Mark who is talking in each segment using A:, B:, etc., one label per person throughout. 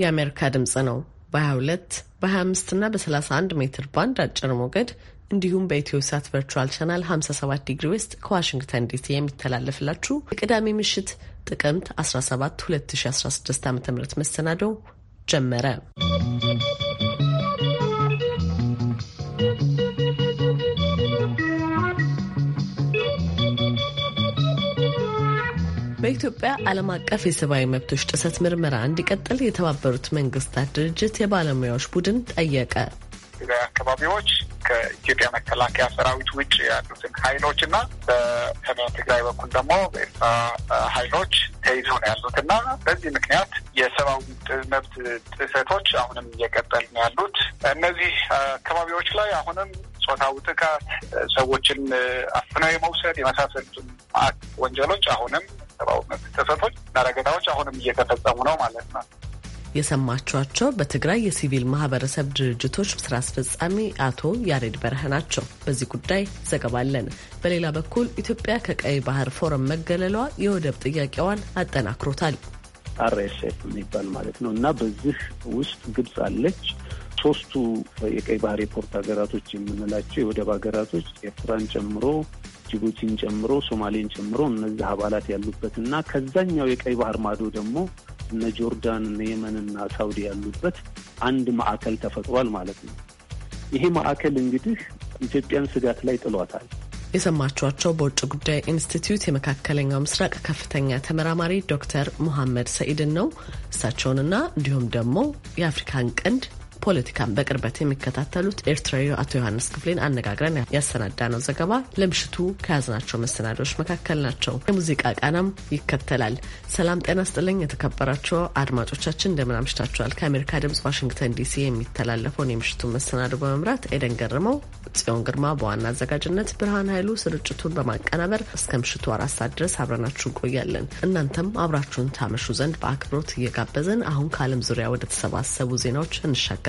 A: የአሜሪካ ድምጽ ነው። በ22 በ25 እና በ31 ሜትር ባንድ አጭር ሞገድ እንዲሁም በኢትዮ ሳት ቨርቹዋል ቻናል 57 ዲግሪ ውስጥ ከዋሽንግተን ዲሲ የሚተላለፍላችሁ የቅዳሜ ምሽት ጥቅምት 17 2016 ዓ ም መሰናዶው ጀመረ። በኢትዮጵያ ዓለም አቀፍ የሰብአዊ መብቶች ጥሰት ምርመራ እንዲቀጥል የተባበሩት መንግስታት ድርጅት የባለሙያዎች ቡድን ጠየቀ።
B: አካባቢዎች ከኢትዮጵያ መከላከያ ሰራዊት ውጭ ያሉትን ኃይሎች እና በሰሜን ትግራይ በኩል ደግሞ በኤርትራ ኃይሎች ተይዞ ነው ያሉት እና በዚህ ምክንያት የሰብአዊ መብት ጥሰቶች አሁንም እየቀጠል ነው ያሉት። እነዚህ አካባቢዎች ላይ አሁንም ጾታዊ ጥቃት፣ ሰዎችን አፍነው የመውሰድ የመሳሰሉትን ወንጀሎች አሁንም የሰብአዊ መብት ጥሰቶች እና ረገጣዎች አሁንም እየተፈጸሙ ነው ማለት ነው።
A: የሰማችኋቸው በትግራይ የሲቪል ማህበረሰብ ድርጅቶች ስራ አስፈጻሚ አቶ ያሬድ በረህ ናቸው። በዚህ ጉዳይ ዘገባ አለን። በሌላ በኩል ኢትዮጵያ ከቀይ ባህር ፎረም መገለሏ የወደብ ጥያቄዋን አጠናክሮታል።
C: አርኤስኤፍ የሚባል ማለት ነው እና በዚህ ውስጥ ግብጽ አለች። ሶስቱ የቀይ ባህር የፖርት ሀገራቶች የምንላቸው የወደብ ሀገራቶች ኤርትራን ጨምሮ ጅቡቲን ጨምሮ ሶማሌን ጨምሮ እነዚህ አባላት ያሉበት እና ከዛኛው የቀይ ባህር ማዶ ደግሞ እነ ጆርዳን እነ የመንና ሳውዲ ያሉበት አንድ ማዕከል ተፈጥሯል ማለት ነው። ይሄ ማዕከል እንግዲህ ኢትዮጵያን ስጋት ላይ ጥሏታል።
A: የሰማችኋቸው በውጭ ጉዳይ ኢንስቲትዩት የመካከለኛው ምስራቅ ከፍተኛ ተመራማሪ ዶክተር ሙሐመድ ሰኢድን ነው። እሳቸውንና እንዲሁም ደግሞ የአፍሪካን ቀንድ ፖለቲካን በቅርበት የሚከታተሉት ኤርትራዊ አቶ ዮሐንስ ክፍሌን አነጋግረን ያሰናዳ ነው ዘገባ ለምሽቱ ከያዝናቸው መሰናዶዎች መካከል ናቸው። የሙዚቃ ቃናም ይከተላል። ሰላም ጤና ስጥልኝ። የተከበራቸው አድማጮቻችን እንደምን አምሽታችኋል። ከአሜሪካ ድምጽ ዋሽንግተን ዲሲ የሚተላለፈውን የምሽቱን መሰናዶ በመምራት ኤደን ገርመው፣ ጽዮን ግርማ በዋና አዘጋጅነት፣ ብርሃን ኃይሉ ስርጭቱን በማቀናበር እስከ ምሽቱ አራት ሰዓት ድረስ አብረናችሁ እንቆያለን። እናንተም አብራችሁን ታመሹ ዘንድ በአክብሮት እየጋበዘን አሁን ከዓለም ዙሪያ ወደ ተሰባሰቡ ዜናዎች እንሻገራል።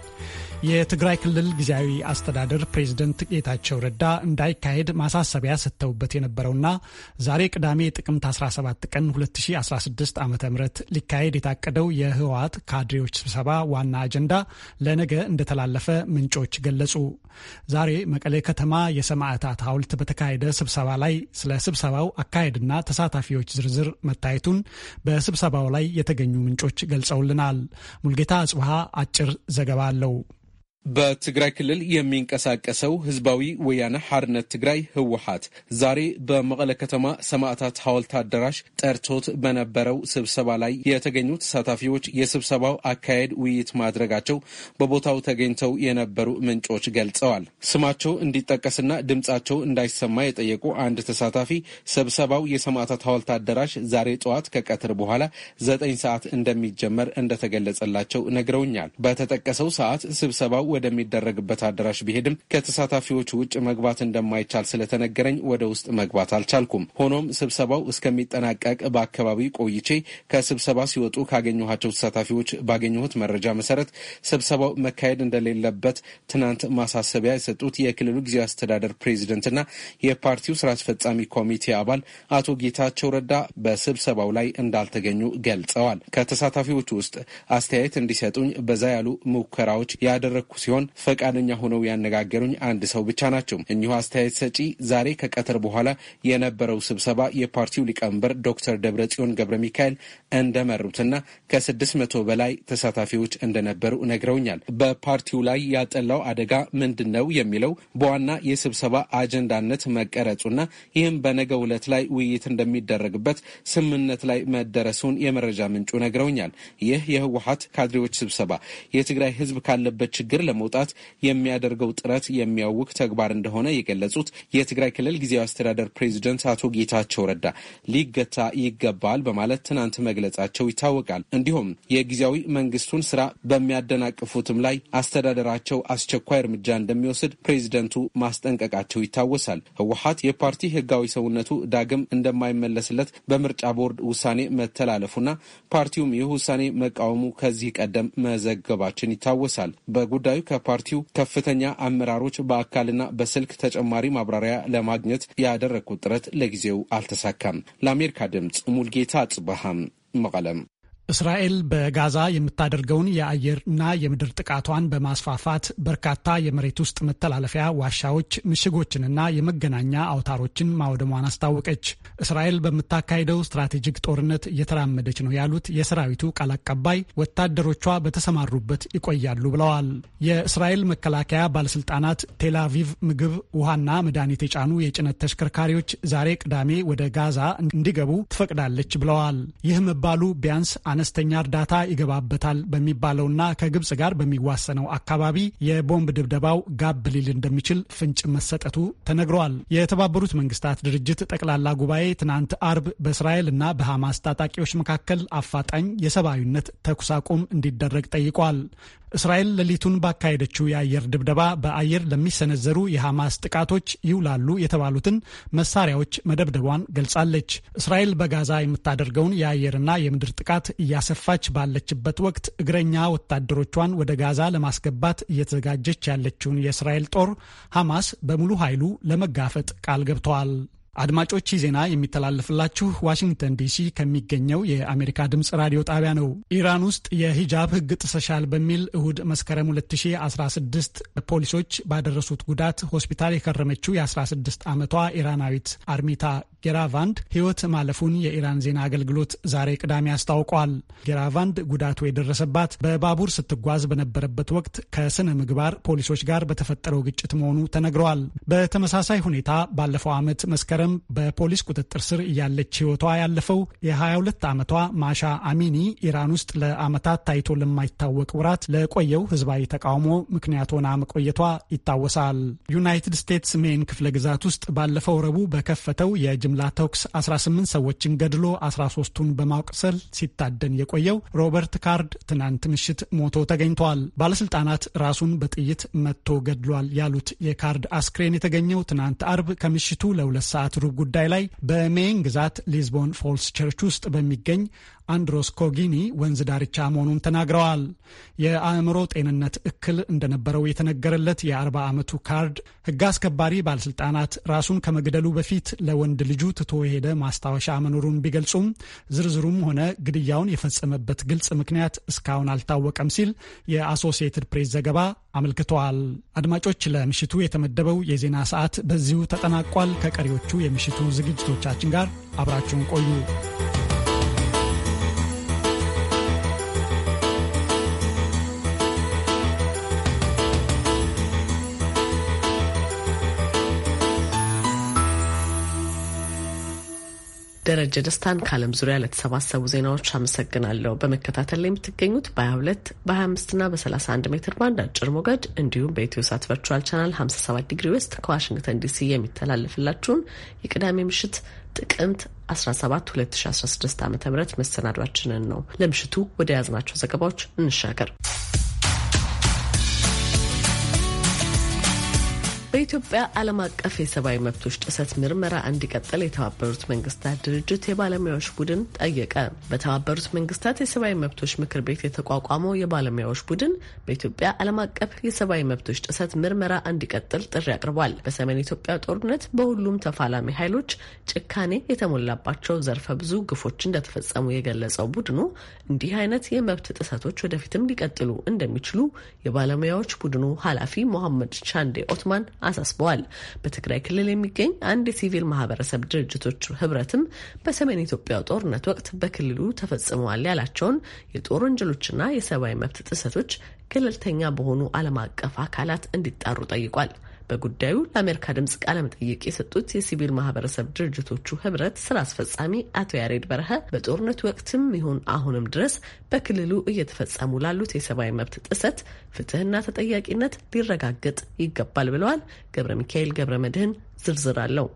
D: የትግራይ ክልል ጊዜያዊ አስተዳደር ፕሬዝደንት ጌታቸው ረዳ እንዳይካሄድ ማሳሰቢያ ሰጥተውበት የነበረውና ዛሬ ቅዳሜ ጥቅምት 17 ቀን 2016 ዓ ም ሊካሄድ የታቀደው የህወሓት ካድሬዎች ስብሰባ ዋና አጀንዳ ለነገ እንደተላለፈ ምንጮች ገለጹ። ዛሬ መቀሌ ከተማ የሰማዕታት ሐውልት በተካሄደ ስብሰባ ላይ ስለ ስብሰባው አካሄድና ተሳታፊዎች ዝርዝር መታየቱን በስብሰባው ላይ የተገኙ ምንጮች ገልጸውልናል። ሙልጌታ አጽብሃ አጭር ዘገባ አለው።
E: በትግራይ ክልል የሚንቀሳቀሰው ህዝባዊ ወያነ ሐርነት ትግራይ ህወሓት ዛሬ በመቀለ ከተማ ሰማዕታት ሐውልት አዳራሽ ጠርቶት በነበረው ስብሰባ ላይ የተገኙ ተሳታፊዎች የስብሰባው አካሄድ ውይይት ማድረጋቸው በቦታው ተገኝተው የነበሩ ምንጮች ገልጸዋል። ስማቸው እንዲጠቀስና ድምጻቸው እንዳይሰማ የጠየቁ አንድ ተሳታፊ ስብሰባው የሰማዕታት ሐውልት አዳራሽ ዛሬ ጠዋት ከቀትር በኋላ ዘጠኝ ሰዓት እንደሚጀመር እንደተገለጸላቸው ነግረውኛል። በተጠቀሰው ሰዓት ስብሰባው ወደሚደረግበት አዳራሽ ቢሄድም ከተሳታፊዎች ውጭ መግባት እንደማይቻል ስለተነገረኝ ወደ ውስጥ መግባት አልቻልኩም። ሆኖም ስብሰባው እስከሚጠናቀቅ በአካባቢ ቆይቼ ከስብሰባ ሲወጡ ካገኘኋቸው ተሳታፊዎች ባገኘሁት መረጃ መሰረት ስብሰባው መካሄድ እንደሌለበት ትናንት ማሳሰቢያ የሰጡት የክልሉ ጊዜ አስተዳደር ፕሬዚደንትና የፓርቲው ስራ አስፈጻሚ ኮሚቴ አባል አቶ ጌታቸው ረዳ በስብሰባው ላይ እንዳልተገኙ ገልጸዋል። ከተሳታፊዎቹ ውስጥ አስተያየት እንዲሰጡኝ በዛ ያሉ ሙከራዎች ያደረግኩ ሲሆን ፈቃደኛ ሆነው ያነጋገሩኝ አንድ ሰው ብቻ ናቸው። እኚሁ አስተያየት ሰጪ ዛሬ ከቀትር በኋላ የነበረው ስብሰባ የፓርቲው ሊቀመንበር ዶክተር ደብረጽዮን ገብረ ሚካኤል እንደመሩትና ከስድስት መቶ በላይ ተሳታፊዎች እንደነበሩ ነግረውኛል። በፓርቲው ላይ ያጠላው አደጋ ምንድን ነው የሚለው በዋና የስብሰባ አጀንዳነት መቀረጹና ይህም በነገ ዕለት ላይ ውይይት እንደሚደረግበት ስምምነት ላይ መደረሱን የመረጃ ምንጩ ነግረውኛል። ይህ የህወሀት ካድሬዎች ስብሰባ የትግራይ ህዝብ ካለበት ችግር ለመውጣት የሚያደርገው ጥረት የሚያውቅ ተግባር እንደሆነ የገለጹት የትግራይ ክልል ጊዜያዊ አስተዳደር ፕሬዚደንት አቶ ጌታቸው ረዳ ሊገታ ይገባል በማለት ትናንት መግለጻቸው ይታወቃል። እንዲሁም የጊዜያዊ መንግስቱን ስራ በሚያደናቅፉትም ላይ አስተዳደራቸው አስቸኳይ እርምጃ እንደሚወስድ ፕሬዚደንቱ ማስጠንቀቃቸው ይታወሳል። ህወሀት የፓርቲ ህጋዊ ሰውነቱ ዳግም እንደማይመለስለት በምርጫ ቦርድ ውሳኔ መተላለፉና ፓርቲውም ይህ ውሳኔ መቃወሙ ከዚህ ቀደም መዘገባችን ይታወሳል። በጉዳዩ ከፓርቲው ከፍተኛ አመራሮች በአካልና በስልክ ተጨማሪ ማብራሪያ ለማግኘት ያደረግኩት ጥረት ለጊዜው አልተሳካም። ለአሜሪካ ድምፅ ሙልጌታ ጽበሃም መቀለም
D: እስራኤል በጋዛ የምታደርገውን የአየርና የምድር ጥቃቷን በማስፋፋት በርካታ የመሬት ውስጥ መተላለፊያ ዋሻዎች፣ ምሽጎችንና የመገናኛ አውታሮችን ማውደሟን አስታወቀች። እስራኤል በምታካሄደው ስትራቴጂክ ጦርነት እየተራመደች ነው ያሉት የሰራዊቱ ቃል አቀባይ ወታደሮቿ በተሰማሩበት ይቆያሉ ብለዋል። የእስራኤል መከላከያ ባለስልጣናት ቴላቪቭ ምግብ፣ ውሃና መድኃኒት የጫኑ የጭነት ተሽከርካሪዎች ዛሬ ቅዳሜ ወደ ጋዛ እንዲገቡ ትፈቅዳለች ብለዋል። ይህ መባሉ ቢያንስ አነስተኛ እርዳታ ይገባበታል በሚባለውና ከግብጽ ጋር በሚዋሰነው አካባቢ የቦምብ ድብደባው ጋብ ሊል እንደሚችል ፍንጭ መሰጠቱ ተነግረዋል። የተባበሩት መንግስታት ድርጅት ጠቅላላ ጉባኤ ትናንት አርብ በእስራኤል እና በሐማስ ታጣቂዎች መካከል አፋጣኝ የሰብአዊነት ተኩስ አቁም እንዲደረግ ጠይቋል። እስራኤል ሌሊቱን ባካሄደችው የአየር ድብደባ በአየር ለሚሰነዘሩ የሐማስ ጥቃቶች ይውላሉ የተባሉትን መሳሪያዎች መደብደቧን ገልጻለች። እስራኤል በጋዛ የምታደርገውን የአየርና የምድር ጥቃት እያሰፋች ባለችበት ወቅት እግረኛ ወታደሮቿን ወደ ጋዛ ለማስገባት እየተዘጋጀች ያለችውን የእስራኤል ጦር ሐማስ በሙሉ ኃይሉ ለመጋፈጥ ቃል ገብተዋል። አድማጮች ዜና የሚተላለፍላችሁ ዋሽንግተን ዲሲ ከሚገኘው የአሜሪካ ድምፅ ራዲዮ ጣቢያ ነው። ኢራን ውስጥ የሂጃብ ሕግ ጥሰሻል በሚል እሁድ መስከረም 2016 ፖሊሶች ባደረሱት ጉዳት ሆስፒታል የከረመችው የ16 ዓመቷ ኢራናዊት አርሚታ ጌራቫንድ ሕይወት ማለፉን የኢራን ዜና አገልግሎት ዛሬ ቅዳሜ አስታውቋል። ጌራቫንድ ጉዳቱ የደረሰባት በባቡር ስትጓዝ በነበረበት ወቅት ከስነ ምግባር ፖሊሶች ጋር በተፈጠረው ግጭት መሆኑ ተነግረዋል። በተመሳሳይ ሁኔታ ባለፈው ዓመት መስከረም በፖሊስ ቁጥጥር ስር እያለች ሕይወቷ ያለፈው የ22 ዓመቷ ማሻ አሚኒ ኢራን ውስጥ ለዓመታት ታይቶ ለማይታወቅ ውራት ለቆየው ህዝባዊ ተቃውሞ ምክንያት ሆና መቆየቷ ይታወሳል። ዩናይትድ ስቴትስ ሜን ክፍለ ግዛት ውስጥ ባለፈው ረቡዕ በከፈተው የጅ በጅምላ ተኩስ 18 ሰዎችን ገድሎ 13ቱን በማቁሰል ሲታደን የቆየው ሮበርት ካርድ ትናንት ምሽት ሞቶ ተገኝተዋል። ባለስልጣናት ራሱን በጥይት መጥቶ ገድሏል ያሉት የካርድ አስክሬን የተገኘው ትናንት አርብ ከምሽቱ ለሁለት ሰዓት ሩብ ጉዳይ ላይ በሜይን ግዛት ሊዝቦን ፎልስ ቸርች ውስጥ በሚገኝ አንድሮስ ኮጊኒ ወንዝ ዳርቻ መሆኑን ተናግረዋል። የአእምሮ ጤንነት እክል እንደነበረው የተነገረለት የ40 ዓመቱ ካርድ ሕግ አስከባሪ ባለስልጣናት ራሱን ከመግደሉ በፊት ለወንድ ልጁ ትቶ የሄደ ማስታወሻ መኖሩን ቢገልጹም ዝርዝሩም ሆነ ግድያውን የፈጸመበት ግልጽ ምክንያት እስካሁን አልታወቀም ሲል የአሶሲየትድ ፕሬስ ዘገባ አመልክተዋል። አድማጮች፣ ለምሽቱ የተመደበው የዜና ሰዓት በዚሁ ተጠናቋል። ከቀሪዎቹ የምሽቱ ዝግጅቶቻችን ጋር አብራችሁን ቆዩ።
A: ደረጀ ደስታን ከዓለም ዙሪያ ለተሰባሰቡ ዜናዎች አመሰግናለሁ። በመከታተል ላይ የምትገኙት በ22 በ25 እና በ31 ሜትር ባንድ አጭር ሞገድ እንዲሁም በኢትዮ ሳት ቨርቹዋል ቻናል 57 ዲግሪ ውስጥ ከዋሽንግተን ዲሲ የሚተላለፍላችሁን የቅዳሜ ምሽት ጥቅምት 17 2016 ዓ ም መሰናዷችንን ነው። ለምሽቱ ወደ ያዝናቸው ዘገባዎች እንሻገር። በኢትዮጵያ ዓለም አቀፍ የሰብአዊ መብቶች ጥሰት ምርመራ እንዲቀጥል የተባበሩት መንግስታት ድርጅት የባለሙያዎች ቡድን ጠየቀ። በተባበሩት መንግስታት የሰብአዊ መብቶች ምክር ቤት የተቋቋመው የባለሙያዎች ቡድን በኢትዮጵያ ዓለም አቀፍ የሰብአዊ መብቶች ጥሰት ምርመራ እንዲቀጥል ጥሪ አቅርቧል። በሰሜን ኢትዮጵያ ጦርነት በሁሉም ተፋላሚ ኃይሎች ጭካኔ የተሞላባቸው ዘርፈ ብዙ ግፎች እንደተፈጸሙ የገለጸው ቡድኑ እንዲህ አይነት የመብት ጥሰቶች ወደፊትም ሊቀጥሉ እንደሚችሉ የባለሙያዎች ቡድኑ ኃላፊ ሞሐመድ ቻንዴ ኦትማን አሳስበዋል። በትግራይ ክልል የሚገኝ አንድ የሲቪል ማህበረሰብ ድርጅቶች ህብረትም በሰሜን ኢትዮጵያው ጦርነት ወቅት በክልሉ ተፈጽመዋል ያላቸውን የጦር ወንጀሎችና የሰብአዊ መብት ጥሰቶች ገለልተኛ በሆኑ ዓለም አቀፍ አካላት እንዲጣሩ ጠይቋል። በጉዳዩ ለአሜሪካ ድምፅ ቃለመጠይቅ የሰጡት የሲቪል ማህበረሰብ ድርጅቶቹ ህብረት ስራ አስፈጻሚ አቶ ያሬድ በረሀ በጦርነት ወቅትም ይሁን አሁንም ድረስ በክልሉ እየተፈጸሙ ላሉት የሰብአዊ መብት ጥሰት ፍትህና ተጠያቂነት ሊረጋገጥ ይገባል ብለዋል። ገብረ ሚካኤል ገብረ መድህን ዝርዝር አለው።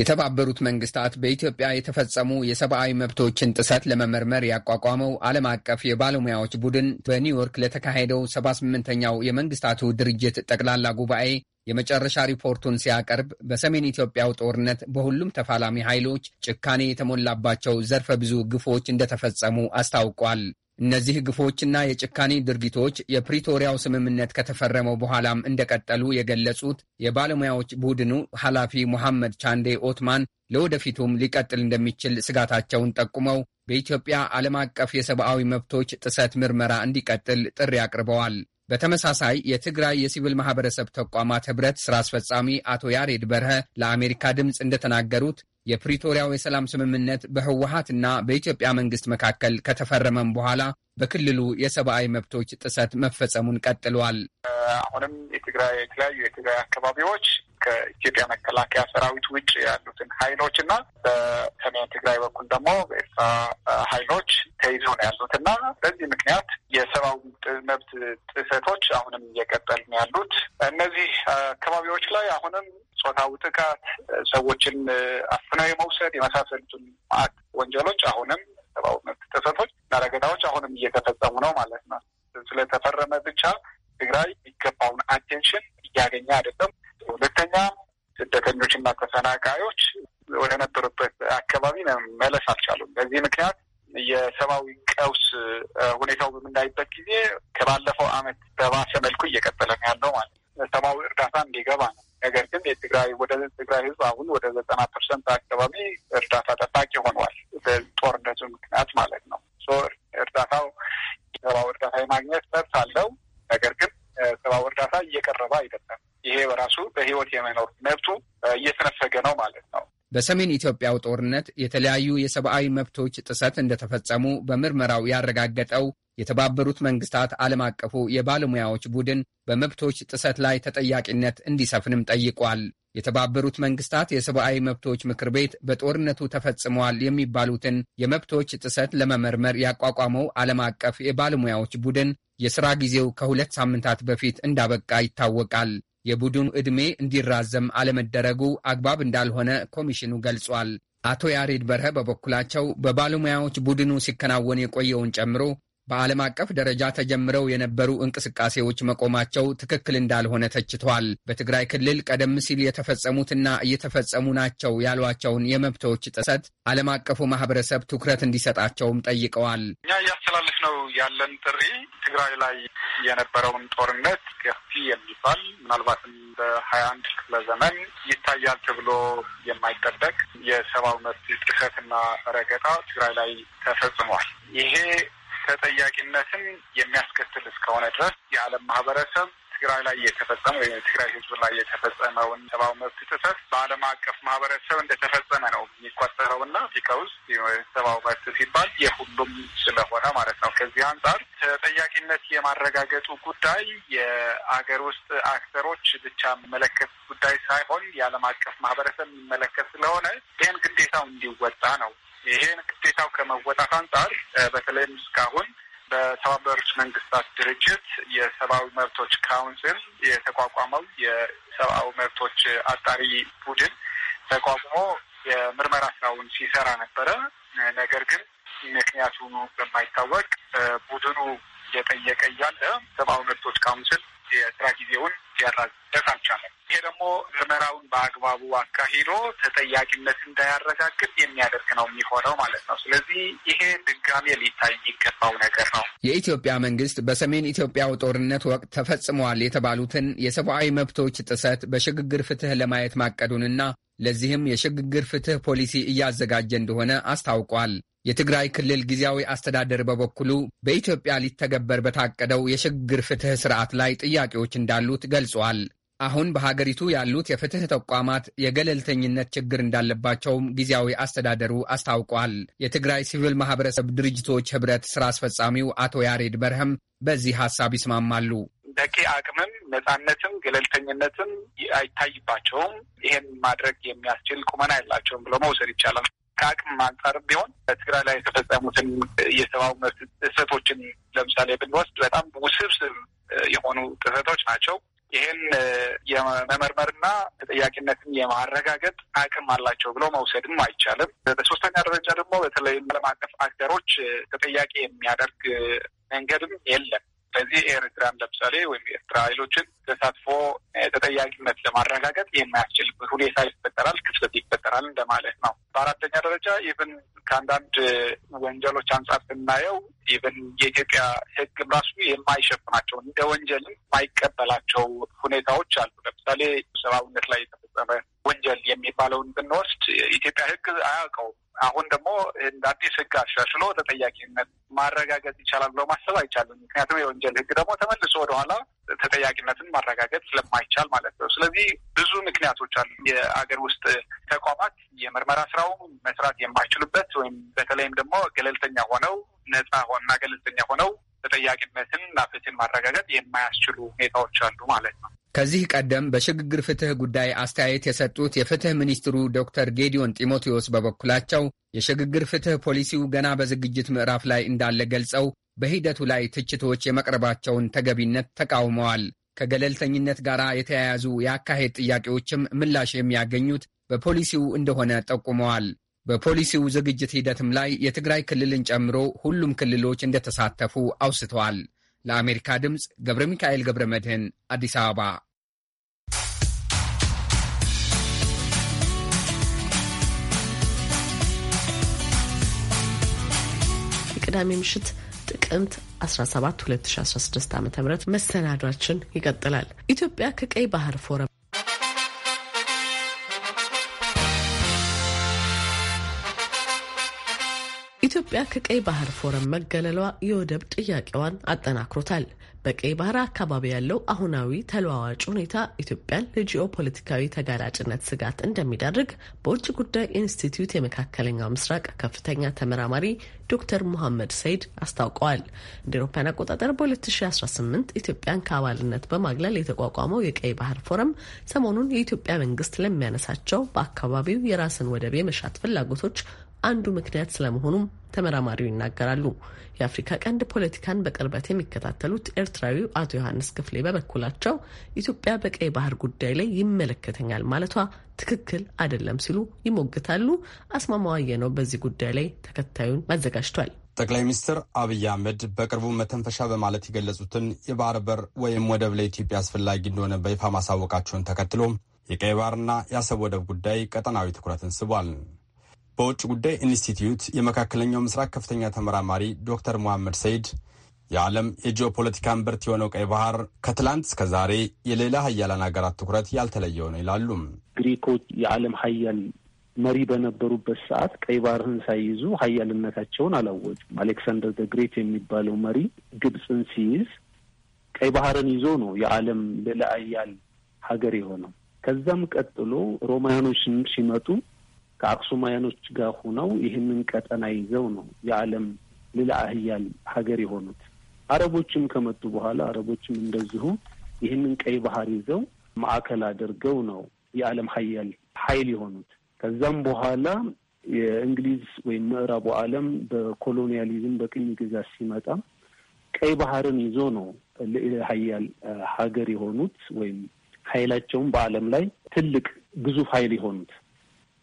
A: የተባበሩት መንግስታት በኢትዮጵያ የተፈጸሙ የሰብአዊ
F: መብቶችን ጥሰት ለመመርመር ያቋቋመው ዓለም አቀፍ የባለሙያዎች ቡድን በኒውዮርክ ለተካሄደው 78ኛው የመንግስታቱ ድርጅት ጠቅላላ ጉባኤ የመጨረሻ ሪፖርቱን ሲያቀርብ በሰሜን ኢትዮጵያው ጦርነት በሁሉም ተፋላሚ ኃይሎች ጭካኔ የተሞላባቸው ዘርፈ ብዙ ግፎች እንደተፈጸሙ አስታውቋል። እነዚህ ግፎችና የጭካኔ ድርጊቶች የፕሪቶሪያው ስምምነት ከተፈረመው በኋላም እንደቀጠሉ የገለጹት የባለሙያዎች ቡድኑ ኃላፊ ሙሐመድ ቻንዴ ኦትማን ለወደፊቱም ሊቀጥል እንደሚችል ስጋታቸውን ጠቁመው በኢትዮጵያ ዓለም አቀፍ የሰብአዊ መብቶች ጥሰት ምርመራ እንዲቀጥል ጥሪ አቅርበዋል። በተመሳሳይ የትግራይ የሲቪል ማህበረሰብ ተቋማት ህብረት ስራ አስፈጻሚ አቶ ያሬድ በርሀ ለአሜሪካ ድምፅ እንደተናገሩት የፕሪቶሪያው የሰላም ስምምነት በህወሀትና በኢትዮጵያ መንግስት መካከል ከተፈረመም በኋላ በክልሉ የሰብአዊ መብቶች ጥሰት መፈጸሙን ቀጥሏል።
B: አሁንም የትግራይ የተለያዩ የትግራይ አካባቢዎች ከኢትዮጵያ መከላከያ ሰራዊት ውጭ ያሉትን ኃይሎች እና በሰሜን ትግራይ በኩል ደግሞ በኤርትራ ኃይሎች ተይዘው ነው ያሉት እና በዚህ ምክንያት የሰብአዊ መብት ጥሰቶች አሁንም እየቀጠል ነው ያሉት። እነዚህ አካባቢዎች ላይ አሁንም ጾታዊ ጥቃት፣ ሰዎችን አፍነው የመውሰድ የመሳሰሉትን ማዕት ወንጀሎች አሁንም የሰብአዊ መብት ጥሰቶች እና ረገጣዎች አሁንም እየተፈጸሙ ነው ማለት ነው። ስለተፈረመ ብቻ ትግራይ የሚገባውን አቴንሽን እያገኘ አይደለም። ሁለተኛ ስደተኞችና ተፈናቃዮች ወደ ነበሩበት አካባቢ መለስ አልቻሉም። በዚህ ምክንያት የሰብአዊ ቀውስ ሁኔታው በምናይበት ጊዜ ከባለፈው አመት በባሰ መልኩ እየቀጠለ ነው ያለው ማለት ነው። ሰብአዊ እርዳታ እንዲገባ ነው። ነገር ግን የትግራይ ወደ ትግራይ ህዝብ አሁን ወደ ዘጠና ፐርሰንት አካባቢ እርዳታ ጠባቂ ሆኗል። በጦርነቱ ምክንያት ማለት ነው። እርዳታው ሰብአዊ እርዳታ የማግኘት መብት አለው። ነገር ግን ሰብአዊ እርዳታ እየቀረበ አይደለም። ይሄ በራሱ በህይወት የመኖር መብቱ እየተነፈገ
F: ነው ማለት ነው። በሰሜን ኢትዮጵያው ጦርነት የተለያዩ የሰብአዊ መብቶች ጥሰት እንደተፈጸሙ በምርመራው ያረጋገጠው የተባበሩት መንግስታት ዓለም አቀፉ የባለሙያዎች ቡድን በመብቶች ጥሰት ላይ ተጠያቂነት እንዲሰፍንም ጠይቋል። የተባበሩት መንግስታት የሰብአዊ መብቶች ምክር ቤት በጦርነቱ ተፈጽመዋል የሚባሉትን የመብቶች ጥሰት ለመመርመር ያቋቋመው ዓለም አቀፍ የባለሙያዎች ቡድን የሥራ ጊዜው ከሁለት ሳምንታት በፊት እንዳበቃ ይታወቃል። የቡድኑ ዕድሜ እንዲራዘም አለመደረጉ አግባብ እንዳልሆነ ኮሚሽኑ ገልጿል። አቶ ያሬድ በርሀ በበኩላቸው በባለሙያዎች ቡድኑ ሲከናወን የቆየውን ጨምሮ በዓለም አቀፍ ደረጃ ተጀምረው የነበሩ እንቅስቃሴዎች መቆማቸው ትክክል እንዳልሆነ ተችቷል። በትግራይ ክልል ቀደም ሲል የተፈጸሙትና እየተፈጸሙ ናቸው ያሏቸውን የመብቶች ጥሰት ዓለም አቀፉ ማህበረሰብ ትኩረት እንዲሰጣቸውም ጠይቀዋል።
B: እኛ እያስተላለፍ ነው ያለን ጥሪ ትግራይ ላይ የነበረውን ጦርነት ገፊ የሚባል ምናልባትም በሀያ አንድ ክፍለ ዘመን ይታያል ተብሎ የማይጠበቅ የሰብአዊ መብት ጥሰትና ረገጣ ትግራይ ላይ ተፈጽሟል። ይሄ ተጠያቂነትን የሚያስከትል እስከሆነ ድረስ የዓለም ማህበረሰብ ትግራይ ላይ የተፈጸመ ወይም ትግራይ ህዝብ ላይ የተፈጸመውን ሰብአዊ መብት ጥሰት በዓለም አቀፍ ማህበረሰብ እንደተፈጸመ ነው የሚቆጠረው እና አፍሪካ ውስጥ ሰብአዊ መብት ሲባል የሁሉም ስለሆነ ማለት ነው። ከዚህ አንጻር ተጠያቂነት የማረጋገጡ ጉዳይ የአገር ውስጥ አክተሮች ብቻ መለከት ጉዳይ ሳይሆን የዓለም አቀፍ ማህበረሰብ የሚመለከት ስለሆነ ይህን ግዴታው እንዲወጣ ነው። ይህን ግዴታው ከመወጣት አንጻር በተለይም እስካሁን በተባበሩት መንግስታት ድርጅት የሰብአዊ መብቶች ካውንስል የተቋቋመው የሰብአዊ መብቶች አጣሪ ቡድን ተቋቁሞ የምርመራ ስራውን ሲሰራ ነበረ። ነገር ግን ምክንያቱ በማይታወቅ ቡድኑ እየጠየቀ እያለ ሰብአዊ መብቶች ካውንስል የስራ ጊዜውን ሊያራዝበት አልቻለም። ይሄ ደግሞ ምርመራውን በአግባቡ አካሂዶ ተጠያቂነት እንዳያረጋግጥ የሚያደርግ ነው የሚሆነው ማለት ነው። ስለዚህ ይሄ ድጋሜ ሊታይ የሚገባው ነገር ነው።
F: የኢትዮጵያ መንግስት በሰሜን ኢትዮጵያው ጦርነት ወቅት ተፈጽመዋል የተባሉትን የሰብአዊ መብቶች ጥሰት በሽግግር ፍትህ ለማየት ማቀዱንና ለዚህም የሽግግር ፍትህ ፖሊሲ እያዘጋጀ እንደሆነ አስታውቋል። የትግራይ ክልል ጊዜያዊ አስተዳደር በበኩሉ በኢትዮጵያ ሊተገበር በታቀደው የሽግግር ፍትህ ስርዓት ላይ ጥያቄዎች እንዳሉት ገልጿል። አሁን በሀገሪቱ ያሉት የፍትህ ተቋማት የገለልተኝነት ችግር እንዳለባቸውም ጊዜያዊ አስተዳደሩ አስታውቋል። የትግራይ ሲቪል ማህበረሰብ ድርጅቶች ህብረት ስራ አስፈጻሚው አቶ ያሬድ በርህም በዚህ ሀሳብ ይስማማሉ።
B: በቂ አቅምም ነጻነትም ገለልተኝነትም አይታይባቸውም። ይሄን ማድረግ የሚያስችል ቁመና የላቸውም ብሎ መውሰድ ይቻላል። ከአቅም አንጻር ቢሆን በትግራይ ላይ የተፈጸሙትን የሰብአዊ መብት ጥሰቶችን ለምሳሌ ብንወስድ በጣም ውስብስብ የሆኑ ጥሰቶች ናቸው። ይህን የመመርመርና ተጠያቂነትን የማረጋገጥ አቅም አላቸው ብሎ መውሰድም አይቻልም። በሶስተኛ ደረጃ ደግሞ በተለይ ዓለም አቀፍ አክተሮች ተጠያቂ የሚያደርግ መንገድም የለም። በዚህ ኤርትራን ለምሳሌ ወይም ኤርትራ ኃይሎችን ተሳትፎ ተጠያቂነት ለማረጋገጥ የማያስችልበት ሁኔታ ይፈጠራል፣ ክፍተት ይፈጠራል እንደማለት ነው። በአራተኛ ደረጃ ኢቨን ከአንዳንድ ወንጀሎች አንጻር ስናየው ኢቨን የኢትዮጵያ ሕግም ራሱ የማይሸፍናቸው እንደ ወንጀልም የማይቀበላቸው ሁኔታዎች አሉ። ለምሳሌ ሰብአዊነት ላይ የተፈጸመ ወንጀል የሚባለውን ብንወስድ ኢትዮጵያ ሕግ አያውቀውም። አሁን ደግሞ እንደ አዲስ ሕግ አሻሽሎ ተጠያቂነት ማረጋገጥ ይቻላል ብለው ማሰብ አይቻልም። ምክንያቱም የወንጀል ሕግ ደግሞ ተመልሶ ወደኋላ ተጠያቂነትን ማረጋገጥ ስለማይቻል ማለት ነው። ስለዚህ ብዙ ምክንያቶች አሉ። የአገር ውስጥ ተቋማት የምርመራ ስራውን መስራት የማይችሉበት ወይም በተለይም ደግሞ ገለልተኛ ሆነው ነጻ እና ገለልተኛ ሆነው ተጠያቂነትን እና ፍትህን ማረጋገጥ የማያስችሉ ሁኔታዎች አሉ ማለት ነው።
F: ከዚህ ቀደም በሽግግር ፍትህ ጉዳይ አስተያየት የሰጡት የፍትህ ሚኒስትሩ ዶክተር ጌዲዮን ጢሞቴዎስ በበኩላቸው የሽግግር ፍትህ ፖሊሲው ገና በዝግጅት ምዕራፍ ላይ እንዳለ ገልጸው በሂደቱ ላይ ትችቶች የመቅረባቸውን ተገቢነት ተቃውመዋል። ከገለልተኝነት ጋር የተያያዙ የአካሄድ ጥያቄዎችም ምላሽ የሚያገኙት በፖሊሲው እንደሆነ ጠቁመዋል። በፖሊሲው ዝግጅት ሂደትም ላይ የትግራይ ክልልን ጨምሮ ሁሉም ክልሎች እንደተሳተፉ አውስተዋል። ለአሜሪካ ድምፅ ገብረ ሚካኤል ገብረ መድህን አዲስ አበባ
A: ቅዳሜ ምሽት ጥቅምት 17 2016 ዓ ም መሰናዷችን ይቀጥላል። ኢትዮጵያ ከቀይ ባህር ፎረም ኢትዮጵያ ከቀይ ባህር ፎረም መገለሏ የወደብ ጥያቄዋን አጠናክሮታል። በቀይ ባህር አካባቢ ያለው አሁናዊ ተለዋዋጭ ሁኔታ ኢትዮጵያን ለጂኦ ፖለቲካዊ ተጋላጭነት ስጋት እንደሚዳርግ በውጭ ጉዳይ ኢንስቲትዩት የመካከለኛው ምስራቅ ከፍተኛ ተመራማሪ ዶክተር ሙሐመድ ሰይድ አስታውቀዋል። እንደ አውሮፓውያን አቆጣጠር በ2018 ኢትዮጵያን ከአባልነት በማግለል የተቋቋመው የቀይ ባህር ፎረም ሰሞኑን የኢትዮጵያ መንግስት ለሚያነሳቸው በአካባቢው የራስን ወደብ የመሻት ፍላጎቶች አንዱ ምክንያት ስለመሆኑም ተመራማሪው ይናገራሉ። የአፍሪካ ቀንድ ፖለቲካን በቅርበት የሚከታተሉት ኤርትራዊው አቶ ዮሐንስ ክፍሌ በበኩላቸው ኢትዮጵያ በቀይ ባህር ጉዳይ ላይ ይመለከተኛል ማለቷ ትክክል አይደለም ሲሉ ይሞግታሉ። አስማማዋየ ነው በዚህ ጉዳይ ላይ ተከታዩን አዘጋጅቷል።
G: ጠቅላይ ሚኒስትር አብይ አህመድ በቅርቡ መተንፈሻ በማለት የገለጹትን የባህር በር ወይም ወደብ ለኢትዮጵያ አስፈላጊ እንደሆነ በይፋ ማሳወቃቸውን ተከትሎ የቀይ ባህርና የአሰብ ወደብ ጉዳይ ቀጠናዊ ትኩረትን ስቧል። በውጭ ጉዳይ ኢንስቲትዩት የመካከለኛው ምስራቅ ከፍተኛ ተመራማሪ ዶክተር መሐመድ ሰይድ የዓለም የጂኦፖለቲካ እምብርት የሆነው ቀይ ባህር ከትላንት እስከ ዛሬ የሌላ ሀያላን ሀገራት ትኩረት ያልተለየው ነው ይላሉ። ግሪኮች የዓለም ሀያል መሪ በነበሩበት ሰዓት ቀይ ባህርን ሳይይዙ
C: ሀያልነታቸውን አላወጁም። አሌክሳንደር ደ ግሬት የሚባለው መሪ ግብፅን ሲይዝ ቀይ ባህርን ይዞ ነው የዓለም ሌላ ሀያል ሀገር የሆነው። ከዛም ቀጥሎ ሮማያኖች ሲመጡ ከአክሱማውያኖች ጋር ሆነው ይህንን ቀጠና ይዘው ነው የዓለም ሌላ አህያል ሀገር የሆኑት። አረቦችም ከመጡ በኋላ አረቦችም እንደዚሁ ይህንን ቀይ ባህር ይዘው ማዕከል አድርገው ነው የዓለም ሀያል ሀይል የሆኑት። ከዛም በኋላ የእንግሊዝ ወይም ምዕራቡ ዓለም በኮሎኒያሊዝም በቅኝ ግዛት ሲመጣ ቀይ ባህርን ይዞ ነው ሀያል ሀገር የሆኑት ወይም ሀይላቸውን በዓለም ላይ ትልቅ ግዙፍ ሀይል የሆኑት።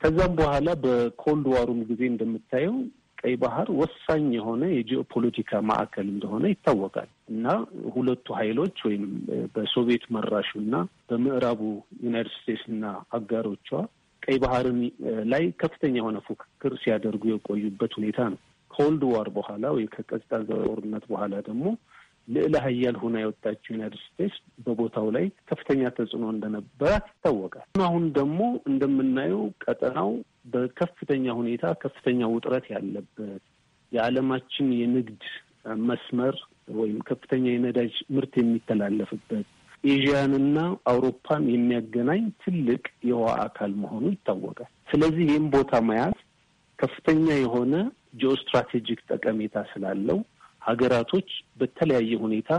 C: ከዛም በኋላ በኮልድ ዋሩም ጊዜ እንደምታየው ቀይ ባህር ወሳኝ የሆነ የጂኦፖለቲካ ማዕከል እንደሆነ ይታወቃል እና ሁለቱ ኃይሎች ወይም በሶቪየት መራሹ እና በምዕራቡ ዩናይትድ ስቴትስ እና አጋሮቿ ቀይ ባህርን ላይ ከፍተኛ የሆነ ፉክክር ሲያደርጉ የቆዩበት ሁኔታ ነው። ከወልድ ዋር በኋላ ወይ ከቀዝቃዛ ጦርነት በኋላ ደግሞ ልዕለ ሀያል ሆና የወጣችው ዩናይትድ ስቴትስ በቦታው ላይ ከፍተኛ ተጽዕኖ እንደነበራት ይታወቃል። አሁን ደግሞ እንደምናየው ቀጠናው በከፍተኛ ሁኔታ ከፍተኛ ውጥረት ያለበት የዓለማችን የንግድ መስመር ወይም ከፍተኛ የነዳጅ ምርት የሚተላለፍበት ኤዥያንና አውሮፓን የሚያገናኝ ትልቅ የውሃ አካል መሆኑ ይታወቃል። ስለዚህ ይህም ቦታ መያዝ ከፍተኛ የሆነ ጂኦስትራቴጂክ ጠቀሜታ ስላለው ሀገራቶች በተለያየ ሁኔታ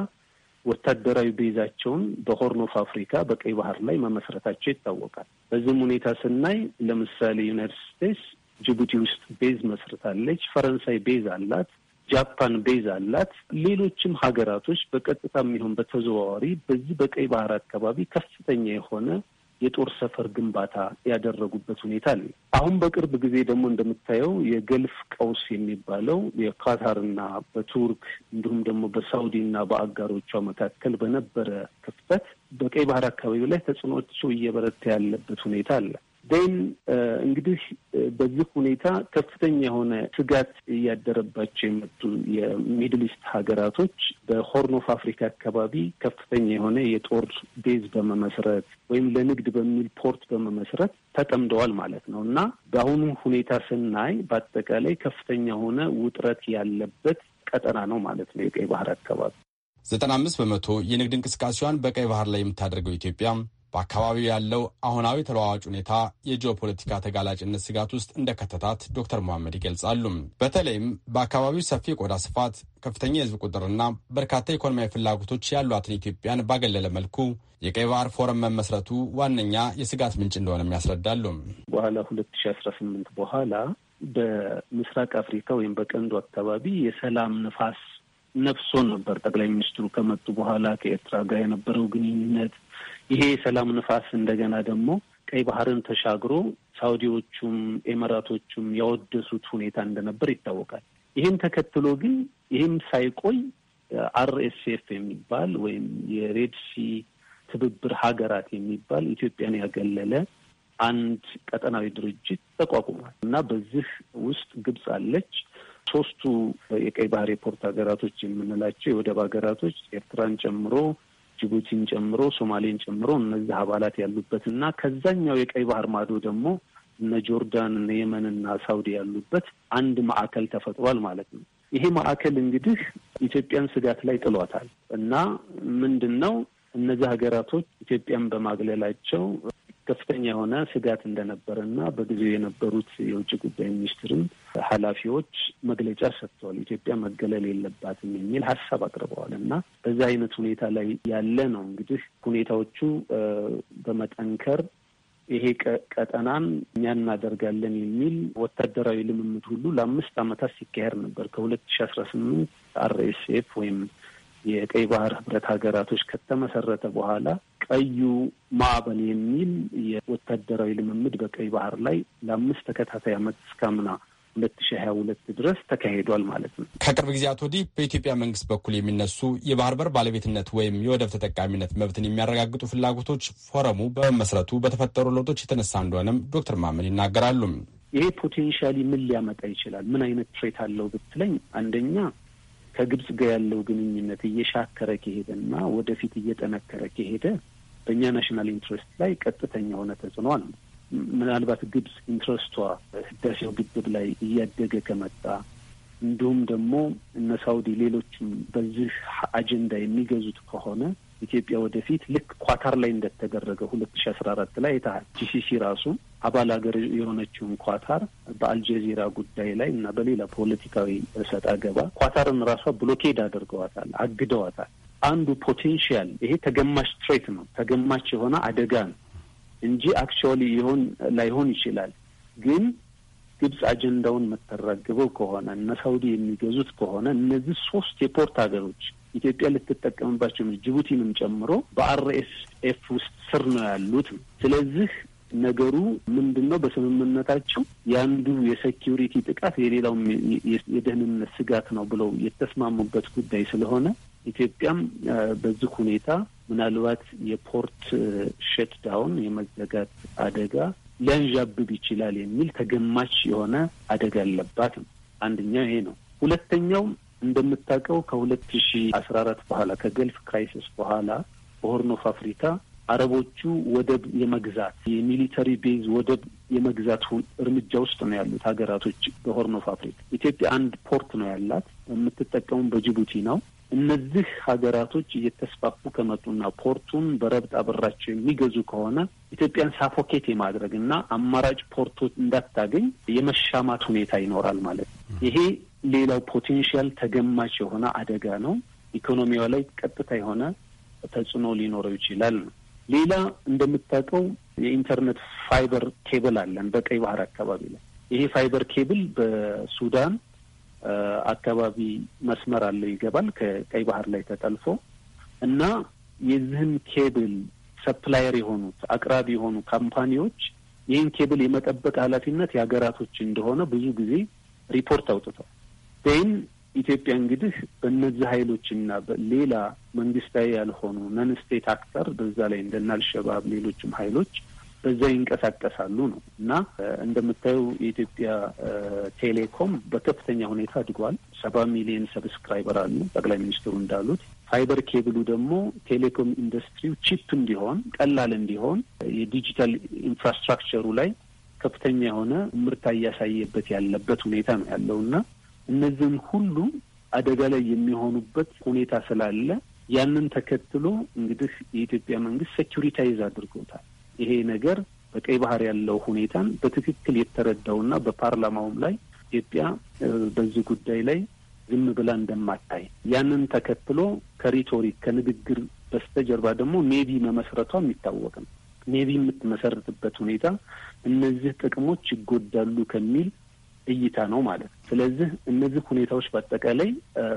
C: ወታደራዊ ቤዛቸውን በሆርን ኦፍ አፍሪካ በቀይ ባህር ላይ መመስረታቸው ይታወቃል። በዚህም ሁኔታ ስናይ ለምሳሌ ዩናይትድ ስቴትስ ጅቡቲ ውስጥ ቤዝ መስርታለች። ፈረንሳይ ቤዝ አላት። ጃፓን ቤዝ አላት። ሌሎችም ሀገራቶች በቀጥታ የሚሆን በተዘዋዋሪ በዚህ በቀይ ባህር አካባቢ ከፍተኛ የሆነ የጦር ሰፈር ግንባታ ያደረጉበት ሁኔታ አለ። አሁን በቅርብ ጊዜ ደግሞ እንደምታየው የገልፍ ቀውስ የሚባለው የካታርና በቱርክ እንዲሁም ደግሞ በሳውዲና በአጋሮቿ መካከል በነበረ ክፍተት በቀይ ባህር አካባቢ ላይ ተጽዕኖቸው እየበረታ ያለበት ሁኔታ አለ። ዴን እንግዲህ በዚህ ሁኔታ ከፍተኛ የሆነ ስጋት እያደረባቸው የመጡ የሚድል ኢስት ሀገራቶች በሆርን ኦፍ አፍሪካ አካባቢ ከፍተኛ የሆነ የጦር ቤዝ በመመስረት ወይም ለንግድ በሚል ፖርት በመመስረት ተጠምደዋል ማለት ነው እና በአሁኑ ሁኔታ ስናይ በአጠቃላይ ከፍተኛ የሆነ ውጥረት ያለበት ቀጠና ነው ማለት ነው የቀይ ባህር አካባቢ።
G: ዘጠና አምስት በመቶ የንግድ እንቅስቃሴዋን በቀይ ባህር ላይ የምታደርገው ኢትዮጵያ በአካባቢው ያለው አሁናዊ ተለዋዋጭ ሁኔታ የጂኦፖለቲካ ተጋላጭነት ስጋት ውስጥ እንደከተታት ዶክተር መሐመድ ይገልጻሉ። በተለይም በአካባቢው ሰፊ የቆዳ ስፋት፣ ከፍተኛ የህዝብ ቁጥርና በርካታ ኢኮኖሚያዊ ፍላጎቶች ያሏትን ኢትዮጵያን ባገለለ መልኩ የቀይ ባህር ፎረም መመስረቱ ዋነኛ የስጋት ምንጭ እንደሆነም ያስረዳሉ።
C: በኋላ ሁለት ሺ አስራ ስምንት በኋላ በምስራቅ አፍሪካ ወይም በቀንዱ አካባቢ የሰላም ነፋስ ነፍሶ ነበር። ጠቅላይ ሚኒስትሩ ከመጡ በኋላ ከኤርትራ ጋር የነበረው ግንኙነት ይሄ የሰላም ንፋስ እንደገና ደግሞ ቀይ ባህርን ተሻግሮ ሳውዲዎቹም ኤመራቶቹም ያወደሱት ሁኔታ እንደነበር ይታወቃል። ይህን ተከትሎ ግን ይህም ሳይቆይ አርኤስኤፍ የሚባል ወይም የሬድሲ ትብብር ሀገራት የሚባል ኢትዮጵያን ያገለለ አንድ ቀጠናዊ ድርጅት ተቋቁሟል እና በዚህ ውስጥ ግብጽ አለች። ሶስቱ የቀይ ባህር የፖርት ሀገራቶች የምንላቸው የወደብ ሀገራቶች ኤርትራን ጨምሮ ጅቡቲን ጨምሮ ሶማሌን ጨምሮ እነዚህ አባላት ያሉበት እና ከዛኛው የቀይ ባህር ማዶ ደግሞ እነ ጆርዳን እነ የመን እና ሳውዲ ያሉበት አንድ ማዕከል ተፈጥሯል ማለት ነው። ይሄ ማዕከል እንግዲህ ኢትዮጵያን ስጋት ላይ ጥሏታል እና ምንድን ነው እነዚህ ሀገራቶች ኢትዮጵያን በማግለላቸው ከፍተኛ የሆነ ስጋት እንደነበረ እና በጊዜው የነበሩት የውጭ ጉዳይ ሚኒስትርም ኃላፊዎች መግለጫ ሰጥተዋል። ኢትዮጵያ መገለል የለባትም የሚል ሀሳብ አቅርበዋል እና በዛ አይነት ሁኔታ ላይ ያለ ነው እንግዲህ ሁኔታዎቹ በመጠንከር ይሄ ቀጠናን እኛ እናደርጋለን የሚል ወታደራዊ ልምምድ ሁሉ ለአምስት ዓመታት ሲካሄድ ነበር ከሁለት ሺ አስራ ስምንት አር ኤስ ኤፍ ወይም የቀይ ባህር ህብረት ሀገራቶች ከተመሰረተ በኋላ ቀዩ ማዕበል የሚል የወታደራዊ ልምምድ በቀይ ባህር ላይ ለአምስት ተከታታይ ዓመት እስካምና ሁለት ሺ ሀያ ሁለት ድረስ
G: ተካሂዷል ማለት ነው። ከቅርብ ጊዜያት ወዲህ በኢትዮጵያ መንግስት በኩል የሚነሱ የባህር በር ባለቤትነት ወይም የወደብ ተጠቃሚነት መብትን የሚያረጋግጡ ፍላጎቶች ፎረሙ በመመስረቱ በተፈጠሩ ለውጦች የተነሳ እንደሆነም ዶክተር ማመን ይናገራሉ።
C: ይሄ ፖቴንሻሊ ምን ሊያመጣ ይችላል? ምን አይነት ትሬት አለው ብትለኝ፣ አንደኛ ከግብጽ ጋር ያለው ግንኙነት እየሻከረ ከሄደና ወደፊት እየጠነከረ ከሄደ በእኛ ናሽናል ኢንትረስት ላይ ቀጥተኛ የሆነ ተጽዕኖ አለ። ምናልባት ግብጽ ኢንትረስቷ ህዳሴው ግድብ ላይ እያደገ ከመጣ እንዲሁም ደግሞ እነ ሳውዲ ሌሎችም በዚህ አጀንዳ የሚገዙት ከሆነ ኢትዮጵያ ወደፊት ልክ ኳታር ላይ እንደተደረገ ሁለት ሺ አስራ አራት ላይ ይታሃል ጂሲሲ ራሱ አባል ሀገር የሆነችውን ኳታር በአልጀዚራ ጉዳይ ላይ እና በሌላ ፖለቲካዊ እሰጥ አገባ ኳታርን ራሷ ብሎኬድ አድርገዋታል፣ አግደዋታል። አንዱ ፖቴንሽያል ይሄ ተገማች ትሬት ነው፣ ተገማች የሆነ አደጋ ነው እንጂ አክቹዋሊ ይሆን ላይሆን ይችላል። ግን ግብጽ አጀንዳውን የምታራግበው ከሆነ እነ ሳውዲ የሚገዙት ከሆነ እነዚህ ሶስት የፖርት ሀገሮች ኢትዮጵያ ልትጠቀምባቸው ጅቡቲንም ጨምሮ በአርኤስኤፍ ውስጥ ስር ነው ያሉት። ስለዚህ ነገሩ ምንድን ነው? በስምምነታቸው የአንዱ የሴኪሪቲ ጥቃት የሌላው የደህንነት ስጋት ነው ብለው የተስማሙበት ጉዳይ ስለሆነ ኢትዮጵያም በዚህ ሁኔታ ምናልባት የፖርት ሸትዳውን የመዘጋት አደጋ ሊያንዣብብ ይችላል የሚል ተገማች የሆነ አደጋ አለባት አንደኛው ይሄ ነው። ሁለተኛው እንደምታውቀው ከሁለት ሺ አስራ አራት በኋላ ከገልፍ ክራይሲስ በኋላ በሆርን ኦፍ አፍሪካ አረቦቹ ወደብ የመግዛት የሚሊተሪ ቤዝ ወደብ የመግዛት እርምጃ ውስጥ ነው ያሉት ሀገራቶች በሆርን ኦፍ አፍሪካ። ኢትዮጵያ አንድ ፖርት ነው ያላት፣ የምትጠቀሙ በጅቡቲ ነው። እነዚህ ሀገራቶች እየተስፋፉ ከመጡና ፖርቱን በረብጣ ብራቸው የሚገዙ ከሆነ ኢትዮጵያን ሳፎኬት የማድረግ እና አማራጭ ፖርቶች እንዳታገኝ የመሻማት ሁኔታ ይኖራል ማለት ነው። ይሄ ሌላው ፖቴንሻል ተገማች የሆነ አደጋ ነው። ኢኮኖሚዋ ላይ ቀጥታ የሆነ ተጽዕኖ ሊኖረው ይችላል ነው። ሌላ እንደምታውቀው የኢንተርኔት ፋይበር ኬብል አለን በቀይ ባህር አካባቢ ላይ። ይሄ ፋይበር ኬብል በሱዳን አካባቢ መስመር አለው ይገባል ከቀይ ባህር ላይ ተጠልፎ እና የዚህን ኬብል ሰፕላየር የሆኑት አቅራቢ የሆኑ ካምፓኒዎች ይህን ኬብል የመጠበቅ ኃላፊነት የሀገራቶች እንደሆነ ብዙ ጊዜ ሪፖርት አውጥቷል። ይህን ኢትዮጵያ እንግዲህ በእነዚህ ኃይሎችና ሌላ መንግስታዊ ያልሆኑ ነን ስቴት አክተር በዛ ላይ እንደ አልሸባብ ሌሎችም ሀይሎች በዛ ይንቀሳቀሳሉ ነው እና እንደምታየው የኢትዮጵያ ቴሌኮም በከፍተኛ ሁኔታ አድጓል። ሰባ ሚሊዮን ሰብስክራይበር አሉ ጠቅላይ ሚኒስትሩ እንዳሉት። ፋይበር ኬብሉ ደግሞ ቴሌኮም ኢንዱስትሪው ቺፕ እንዲሆን ቀላል እንዲሆን የዲጂታል ኢንፍራስትራክቸሩ ላይ ከፍተኛ የሆነ ምርታ እያሳየበት ያለበት ሁኔታ ነው ያለው እና እነዚህን ሁሉ አደጋ ላይ የሚሆኑበት ሁኔታ ስላለ ያንን ተከትሎ እንግዲህ የኢትዮጵያ መንግስት ሴኪሪታይዝ አድርጎታል። ይሄ ነገር በቀይ ባህር ያለው ሁኔታን በትክክል የተረዳውና በፓርላማውም ላይ ኢትዮጵያ በዚህ ጉዳይ ላይ ዝም ብላ እንደማታይ ያንን ተከትሎ ከሪቶሪክ ከንግግር በስተጀርባ ደግሞ ኔቪ መመስረቷ የሚታወቅ ነው። ኔቪ የምትመሰርትበት ሁኔታ እነዚህ ጥቅሞች ይጎዳሉ ከሚል እይታ ነው ማለት ነው። ስለዚህ እነዚህ ሁኔታዎች በአጠቃላይ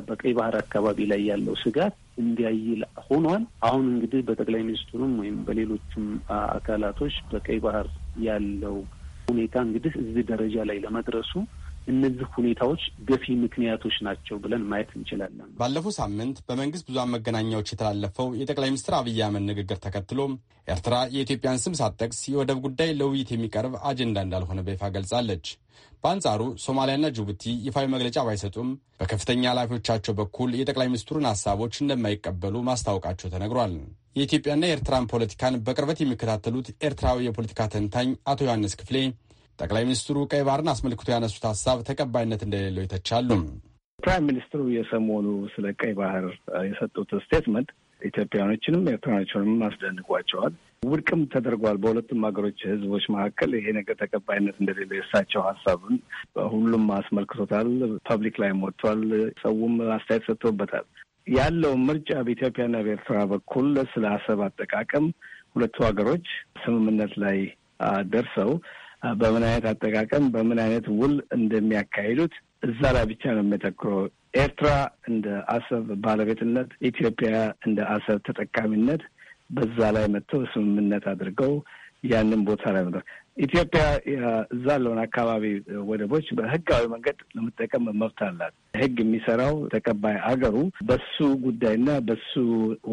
C: በቀይ ባህር አካባቢ ላይ ያለው ስጋት እንዲያይል ሆኗል። አሁን እንግዲህ በጠቅላይ ሚኒስትሩም ወይም በሌሎችም አካላቶች በቀይ ባህር ያለው ሁኔታ እንግዲህ እዚህ ደረጃ ላይ ለመድረሱ እነዚህ ሁኔታዎች ገፊ ምክንያቶች ናቸው ብለን ማየት እንችላለን።
G: ባለፈው ሳምንት በመንግስት ብዙሃን መገናኛዎች የተላለፈው የጠቅላይ ሚኒስትር አብይ አህመድ ንግግር ተከትሎ ኤርትራ የኢትዮጵያን ስም ሳትጠቅስ የወደብ ጉዳይ ለውይይት የሚቀርብ አጀንዳ እንዳልሆነ በይፋ ገልጻለች። በአንጻሩ ሶማሊያና ጅቡቲ ይፋዊ መግለጫ ባይሰጡም በከፍተኛ ኃላፊዎቻቸው በኩል የጠቅላይ ሚኒስትሩን ሀሳቦች እንደማይቀበሉ ማስታወቃቸው ተነግሯል። የኢትዮጵያና የኤርትራን ፖለቲካን በቅርበት የሚከታተሉት ኤርትራዊ የፖለቲካ ተንታኝ አቶ ዮሐንስ ክፍሌ ጠቅላይ ሚኒስትሩ ቀይ ባህርን አስመልክቶ ያነሱት ሀሳብ ተቀባይነት እንደሌለው ይተቻሉ።
H: ፕራይም ሚኒስትሩ የሰሞኑ ስለ ቀይ ባህር የሰጡት ስቴትመንት ኢትዮጵያኖችንም ኤርትራኖችንም አስደንቋቸዋል። ውድቅም ተደርጓል። በሁለቱም ሀገሮች ህዝቦች መካከል ይሄ ነገር ተቀባይነት እንደሌለ የእሳቸው ሀሳብን ሁሉም አስመልክቶታል። ፐብሊክ ላይም ወጥቷል። ሰውም አስተያየት ሰጥቶበታል። ያለው ምርጫ በኢትዮጵያና በኤርትራ በኩል ስለ አሰብ አጠቃቀም ሁለቱ ሀገሮች ስምምነት ላይ ደርሰው በምን አይነት አጠቃቀም በምን አይነት ውል እንደሚያካሂዱት እዛ ላይ ብቻ ነው የሚተክረው ኤርትራ እንደ አሰብ ባለቤትነት፣ ኢትዮጵያ እንደ አሰብ ተጠቃሚነት በዛ ላይ መጥተው ስምምነት አድርገው ያንን ቦታ ላይ መ ኢትዮጵያ እዛ ያለውን አካባቢ ወደቦች በህጋዊ መንገድ ለመጠቀም መብት አላት። ህግ የሚሰራው ተቀባይ አገሩ በሱ ጉዳይና በሱ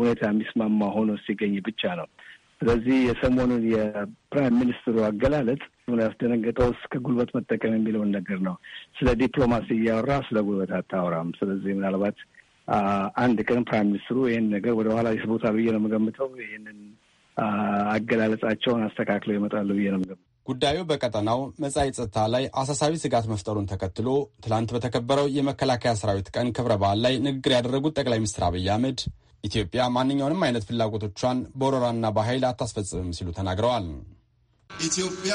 H: ሁኔታ የሚስማማ ሆኖ ሲገኝ ብቻ ነው። ስለዚህ የሰሞኑን የፕራይም ሚኒስትሩ አገላለጥ። ብሎ ያስደነገጠው እስከ ጉልበት መጠቀም የሚለውን ነገር ነው። ስለ ዲፕሎማሲ እያወራ ስለ ጉልበት አታወራም። ስለዚህ ምናልባት አንድ ቀን ፕራይም ሚኒስትሩ ይህን ነገር ወደኋላ ኋላ ብዬ ነው የምገምተው። ይህንን አገላለጻቸውን አስተካክለው ይመጣሉ ብዬ ነው የምገምተው።
G: ጉዳዩ በቀጠናው መጻኢ ጸጥታ ላይ አሳሳቢ ስጋት መፍጠሩን ተከትሎ ትላንት በተከበረው የመከላከያ ሰራዊት ቀን ክብረ በዓል ላይ ንግግር ያደረጉት ጠቅላይ ሚኒስትር አብይ አህመድ ኢትዮጵያ ማንኛውንም አይነት ፍላጎቶቿን በወረራና በኃይል አታስፈጽምም ሲሉ ተናግረዋል።
B: ኢትዮጵያ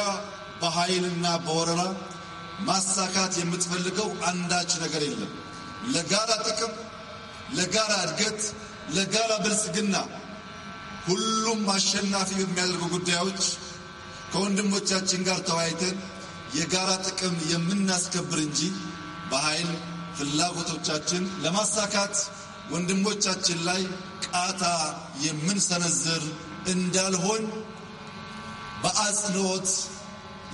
I: በኃይልና በወረራ ማሳካት የምትፈልገው አንዳች ነገር የለም። ለጋራ ጥቅም፣ ለጋራ እድገት፣ ለጋራ ብልጽግና ሁሉም አሸናፊ በሚያደርጉ ጉዳዮች ከወንድሞቻችን ጋር ተወያይተን የጋራ ጥቅም የምናስከብር እንጂ በኃይል ፍላጎቶቻችን ለማሳካት ወንድሞቻችን ላይ ቃታ የምንሰነዝር እንዳልሆን በአጽንኦት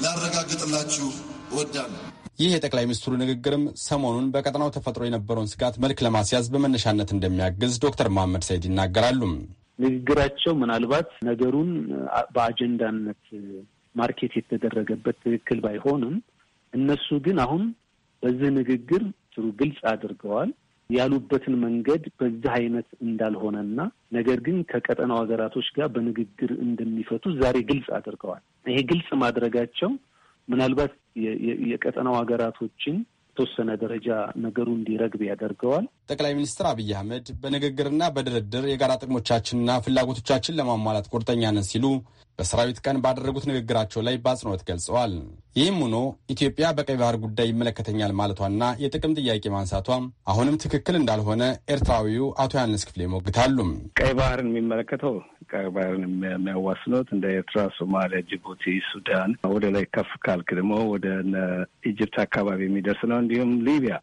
I: ላረጋግጥላችሁ እወዳለሁ።
G: ይህ የጠቅላይ ሚኒስትሩ ንግግርም ሰሞኑን በቀጠናው ተፈጥሮ የነበረውን ስጋት መልክ ለማስያዝ በመነሻነት እንደሚያግዝ ዶክተር መሐመድ ሰይድ ይናገራሉ። ንግግራቸው ምናልባት ነገሩን በአጀንዳነት ማርኬት
C: የተደረገበት ትክክል ባይሆንም እነሱ ግን አሁን በዚህ ንግግር ጥሩ ግልጽ አድርገዋል። ያሉበትን መንገድ በዚህ አይነት እንዳልሆነና ነገር ግን ከቀጠናው ሀገራቶች ጋር በንግግር እንደሚፈቱ ዛሬ ግልጽ አድርገዋል። ይሄ ግልጽ ማድረጋቸው ምናልባት የቀጠናው ሀገራቶችን የተወሰነ ደረጃ ነገሩ
G: እንዲረግብ ያደርገዋል። ጠቅላይ ሚኒስትር አብይ አህመድ በንግግርና በድርድር የጋራ ጥቅሞቻችንና ፍላጎቶቻችን ለማሟላት ቁርጠኛ ነን ሲሉ በሰራዊት ቀን ባደረጉት ንግግራቸው ላይ በአጽንኦት ገልጸዋል። ይህም ሆኖ ኢትዮጵያ በቀይ ባህር ጉዳይ ይመለከተኛል ማለቷና የጥቅም ጥያቄ ማንሳቷ አሁንም ትክክል እንዳልሆነ ኤርትራዊው አቶ ያንስ ክፍሌ ይሞግታሉ።
H: ቀይ ባህርን የሚመለከተው ቀይ ባህርን የሚያዋስኑት እንደ ኤርትራ፣ ሶማሊያ፣ ጅቡቲ፣ ሱዳን ወደ ላይ ከፍ ካልክ ደግሞ ወደ ኢጅፕት አካባቢ የሚደርስ ነው። እንዲሁም ሊቢያ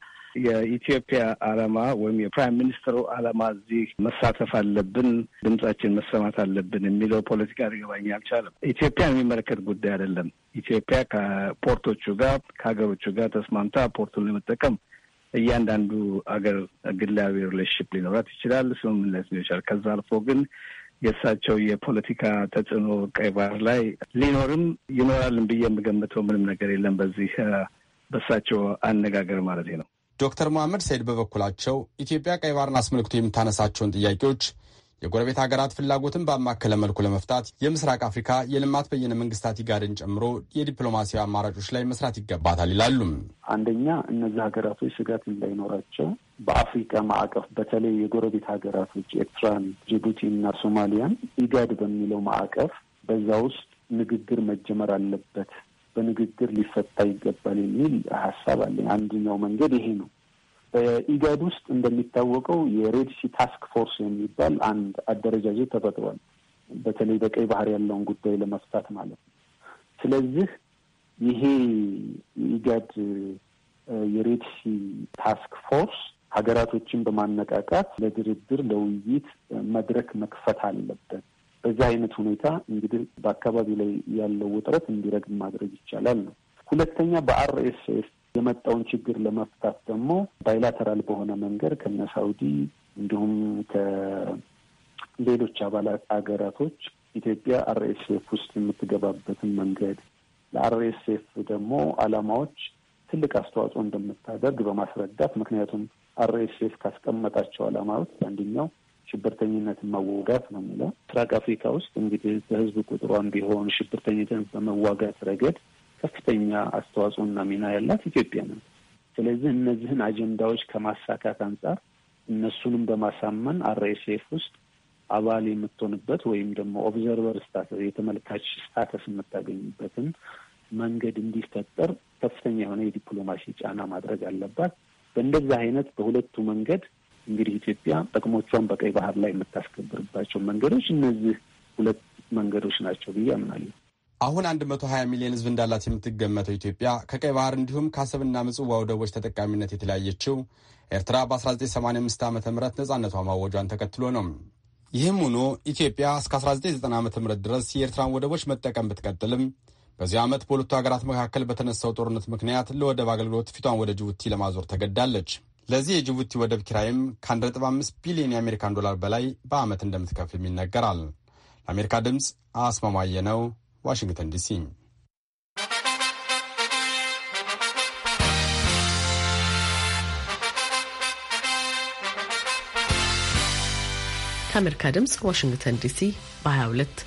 H: የኢትዮጵያ አላማ ወይም የፕራይም ሚኒስትሩ አላማ እዚህ መሳተፍ አለብን፣ ድምጻችን መሰማት አለብን የሚለው ፖለቲካ ሊገባኝ አልቻለም። ኢትዮጵያን የሚመለከት ጉዳይ አይደለም። ኢትዮጵያ ከፖርቶቹ ጋር ከሀገሮቹ ጋር ተስማምታ ፖርቱን ለመጠቀም እያንዳንዱ አገር ግላዊ ሪሌሽንሽፕ ሊኖራት ይችላል፣ ስምምነት ይችላል። ከዛ አልፎ ግን የእሳቸው የፖለቲካ ተጽዕኖ ቀይ ባህር ላይ ሊኖርም ይኖራልን ብዬ የምገምተው ምንም ነገር የለም በዚህ በእሳቸው አነጋገር ማለት ነው። ዶክተር
G: መሐመድ ሰይድ በበኩላቸው ኢትዮጵያ ቀይ ባህርን አስመልክቶ የምታነሳቸውን ጥያቄዎች የጎረቤት ሀገራት ፍላጎትን ባማከለ መልኩ ለመፍታት የምስራቅ አፍሪካ የልማት በየነ መንግስታት ኢጋድን ጨምሮ የዲፕሎማሲያዊ አማራጮች ላይ መስራት ይገባታል ይላሉም።
C: አንደኛ እነዚህ ሀገራቶች ስጋት እንዳይኖራቸው በአፍሪካ ማዕቀፍ በተለይ የጎረቤት ሀገራቶች ኤርትራን፣ ጅቡቲ እና ሶማሊያን ኢጋድ በሚለው ማዕቀፍ በዛ ውስጥ ንግግር መጀመር አለበት በንግግር ሊፈታ ይገባል የሚል ሀሳብ አለኝ። አንደኛው መንገድ ይሄ ነው። በኢጋድ ውስጥ እንደሚታወቀው የሬድሲ ታስክ ፎርስ የሚባል አንድ አደረጃጀት ተፈጥሯል። በተለይ በቀይ ባህር ያለውን ጉዳይ ለመፍታት ማለት ነው። ስለዚህ ይሄ የኢጋድ የሬድሲ ታስክ ፎርስ ሀገራቶችን በማነቃቃት ለድርድር ለውይይት መድረክ መክፈት አለበት። በዚህ አይነት ሁኔታ እንግዲህ በአካባቢው ላይ ያለው ውጥረት እንዲረግብ ማድረግ ይቻላል ነው። ሁለተኛ በአርኤስኤስ የመጣውን ችግር ለመፍታት ደግሞ ባይላተራል በሆነ መንገድ ከነ ሳውዲ እንዲሁም ከሌሎች አባላት አገራቶች ኢትዮጵያ አርኤስኤፍ ውስጥ የምትገባበትን መንገድ ለአርኤስኤፍ ደግሞ አላማዎች ትልቅ አስተዋጽኦ እንደምታደርግ በማስረዳት ምክንያቱም አርኤስኤፍ ካስቀመጣቸው አላማዎች አንደኛው ሽብርተኝነትን መዋጋት ነው የሚለው። ምስራቅ አፍሪካ ውስጥ እንግዲህ በህዝብ ቁጥሯን ቢሆን ሽብርተኝነትን በመዋጋት ረገድ ከፍተኛ አስተዋጽኦና ሚና ያላት ኢትዮጵያ ነው ስለዚህ እነዚህን አጀንዳዎች ከማሳካት አንጻር እነሱንም በማሳመን አርኤስኤፍ ውስጥ አባል የምትሆንበት ወይም ደግሞ ኦብዘርቨር ስታተስ የተመልካች ስታተስ የምታገኝበትን መንገድ እንዲፈጠር ከፍተኛ የሆነ የዲፕሎማሲ ጫና ማድረግ አለባት። በእንደዚህ አይነት በሁለቱ መንገድ እንግዲህ ኢትዮጵያ ጥቅሞቿን በቀይ ባህር ላይ የምታስከብርባቸው መንገዶች እነዚህ ሁለት መንገዶች ናቸው ብዬ አምናለሁ።
G: አሁን 120 ሚሊዮን ሕዝብ እንዳላት የምትገመተው ኢትዮጵያ ከቀይ ባህር እንዲሁም ከአሰብና ምጽዋ ወደቦች ተጠቃሚነት የተለያየችው ኤርትራ በ1985 ዓ ም ነጻነቷ ማወጇን ተከትሎ ነው። ይህም ሆኖ ኢትዮጵያ እስከ 1990 ዓ ም ድረስ የኤርትራን ወደቦች መጠቀም ብትቀጥልም በዚህ ዓመት በሁለቱ ሀገራት መካከል በተነሳው ጦርነት ምክንያት ለወደብ አገልግሎት ፊቷን ወደ ጅቡቲ ለማዞር ተገዳለች። ለዚህ የጅቡቲ ወደብ ኪራይም ከ1.5 ቢሊዮን የአሜሪካን ዶላር በላይ በዓመት እንደምትከፍልም ይነገራል። ለአሜሪካ ድምፅ አስማማየ ነው፣ ዋሽንግተን ዲሲ።
A: ከአሜሪካ ድምፅ ዋሽንግተን ዲሲ በ22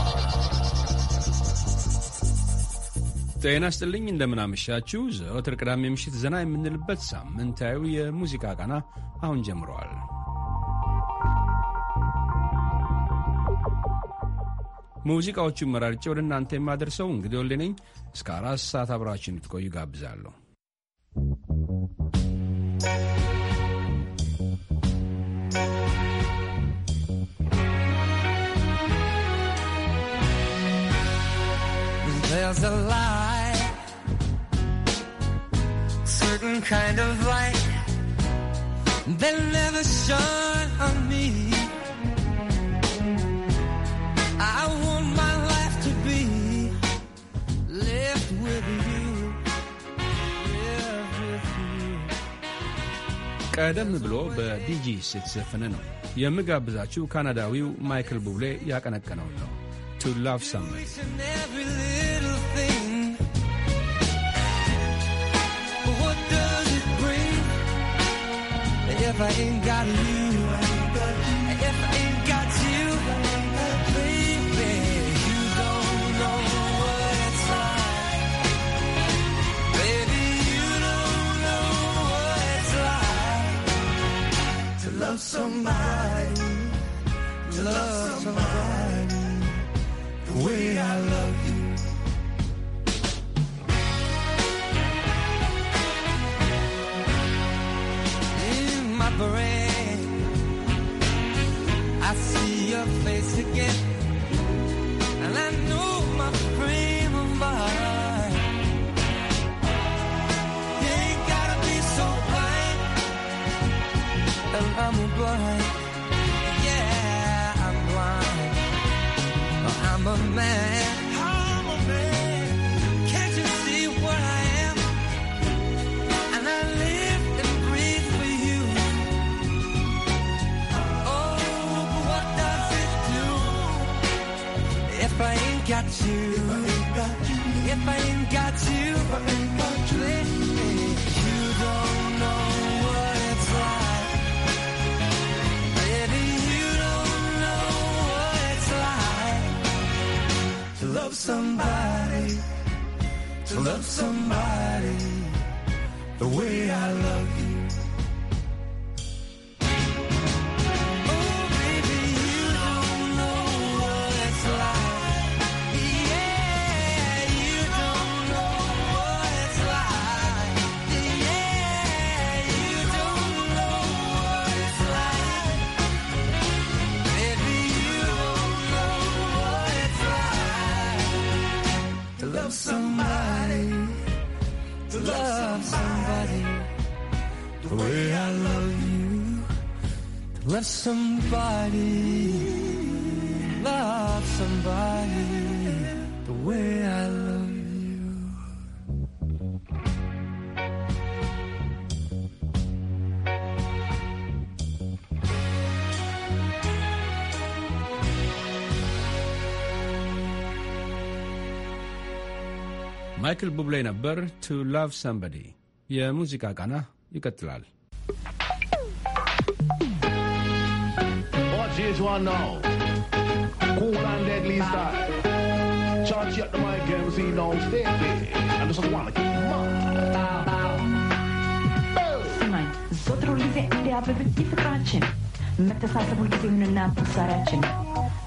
J: ጤና ስጥልኝ እንደምናመሻችሁ። ዘወትር ቅዳሜ ምሽት ዘና የምንልበት ሳምንታዊ የሙዚቃ ቃና አሁን ጀምረዋል። ሙዚቃዎቹን መራርጬ ወደ እናንተ የማደርሰው እንግዲህ ወልዴ ነኝ። እስከ አራት ሰዓት አብራችሁ እንድትቆዩ ጋብዛለሁ። Thank you.
I: There's a light, certain kind of light that never shone on me. I want my life to be lived with you, lived
J: with you. ቀደም ብሎ በቢጂስ የተዘፈነ ነው የምጋብዛችሁ ካናዳዊው ማይክል ቡብሌ ያቀነቀነው ነው ቱ ላቭ ሳምሪ
I: I ain't got you, if I ain't got you, baby, you don't know what it's like. Baby, you don't know what it's like to love somebody, to love somebody the way I love you. your face again. And I know my frame of mind. You ain't gotta be so blind. And I'm blind. Yeah, I'm blind. I'm a man. you, if I ain't got you, if I ain't got you, if I ain't got you, you don't know what it's like. Baby, you don't know what it's like to love somebody, to love somebody the way I love you. love somebody, love somebody the way I love you.
J: Michael Bublé number to love somebody. Yeah, musica gana, you got
K: this one now. Cool and deadly
L: style. Charge at the mic, MC, now stay And this is one, keep ስማኝ
M: ዘወትሮ ጊዜ እንዲያብብ ፍቅራችን መተሳሰቡ ጊዜ ምንና ተሳሪያችን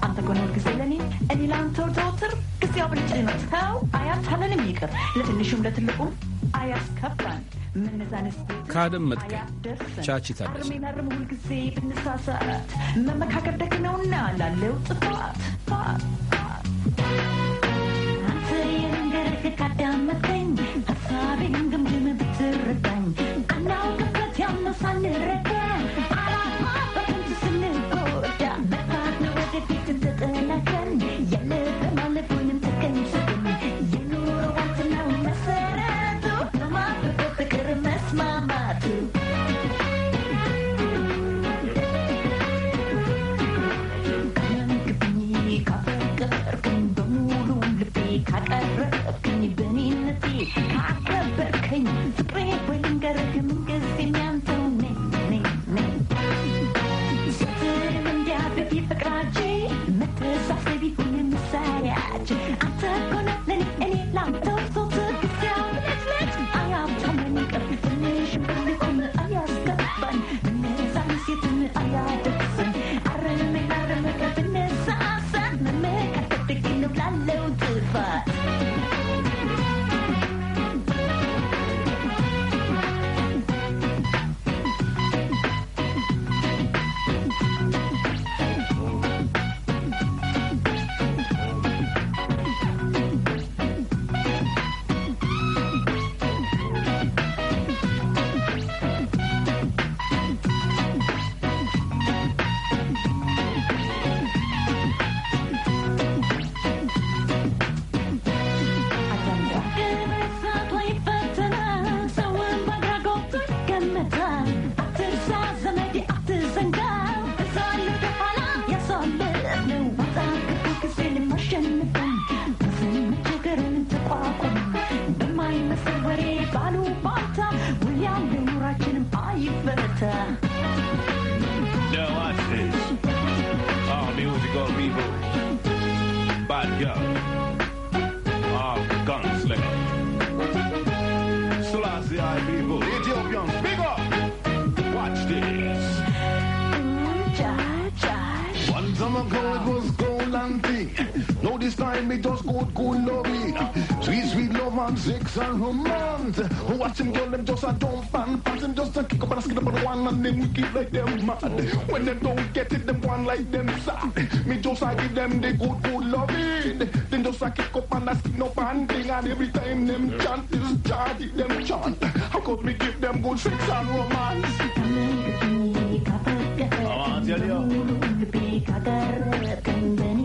M: አንተ ጎንህ ጊዜ ለኔ እኔ ለአንተ ዘወትር ጊዜ አብልጭ ነው ተው አያታለንም ይቅር ለትንሹም ለትልቁም አያስከብራን ካደመጥከኝ ቻች ታደሰ መመካከር ደክመውና ላለው ጥፋት አንተ የመንገርህ ካዳመጠኝ ሀሳቤን
L: bad
K: girl,
L: ah, gunslinger.
K: Selassie, eye, people, Ethiopian big up! Watch this.
M: One time ago, it was this time mit oss good good lovely. Sweet, sweet love and sex and romance. Watch them girl, them just a dump and pass them just a kick up and a skip up on one and them keep like them mad. When they don't get it, them one like them sad. Me just a give them the good, good loving. then just a kick up and a skin up and thing and every time them chant is charge, them chant. How could me give them good sex and romance? Aman Celio. Kadar kendini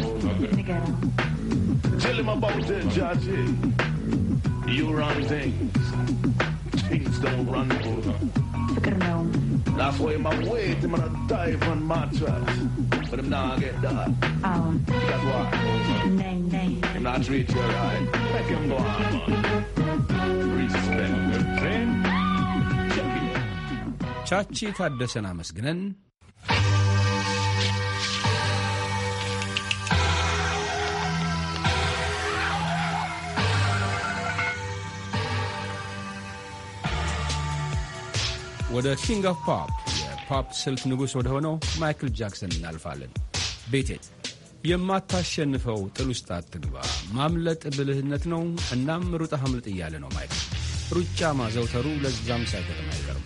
M: together.
K: Tell him about that, Judge. You run things. Things don't run for Look at him now. That's why I'm I'm gonna dive on my tracks. But I'm not get that. Oh. That's why.
M: Nay, nay.
J: I'm not treat you right. Make him go Respect. ወደ ኪንግ ኦፍ ፖፕ የፖፕ ስልት ንጉሥ ወደ ሆነው ማይክል ጃክሰን እናልፋለን። ቤቴት የማታሸንፈው ጥል ውስጥ አትግባ፣ ማምለጥ ብልህነት ነው። እናም ሩጣ ሐምልጥ እያለ ነው ማይክል። ሩጫ ማዘውተሩ ለዛም ሳይገርም አይቀርም።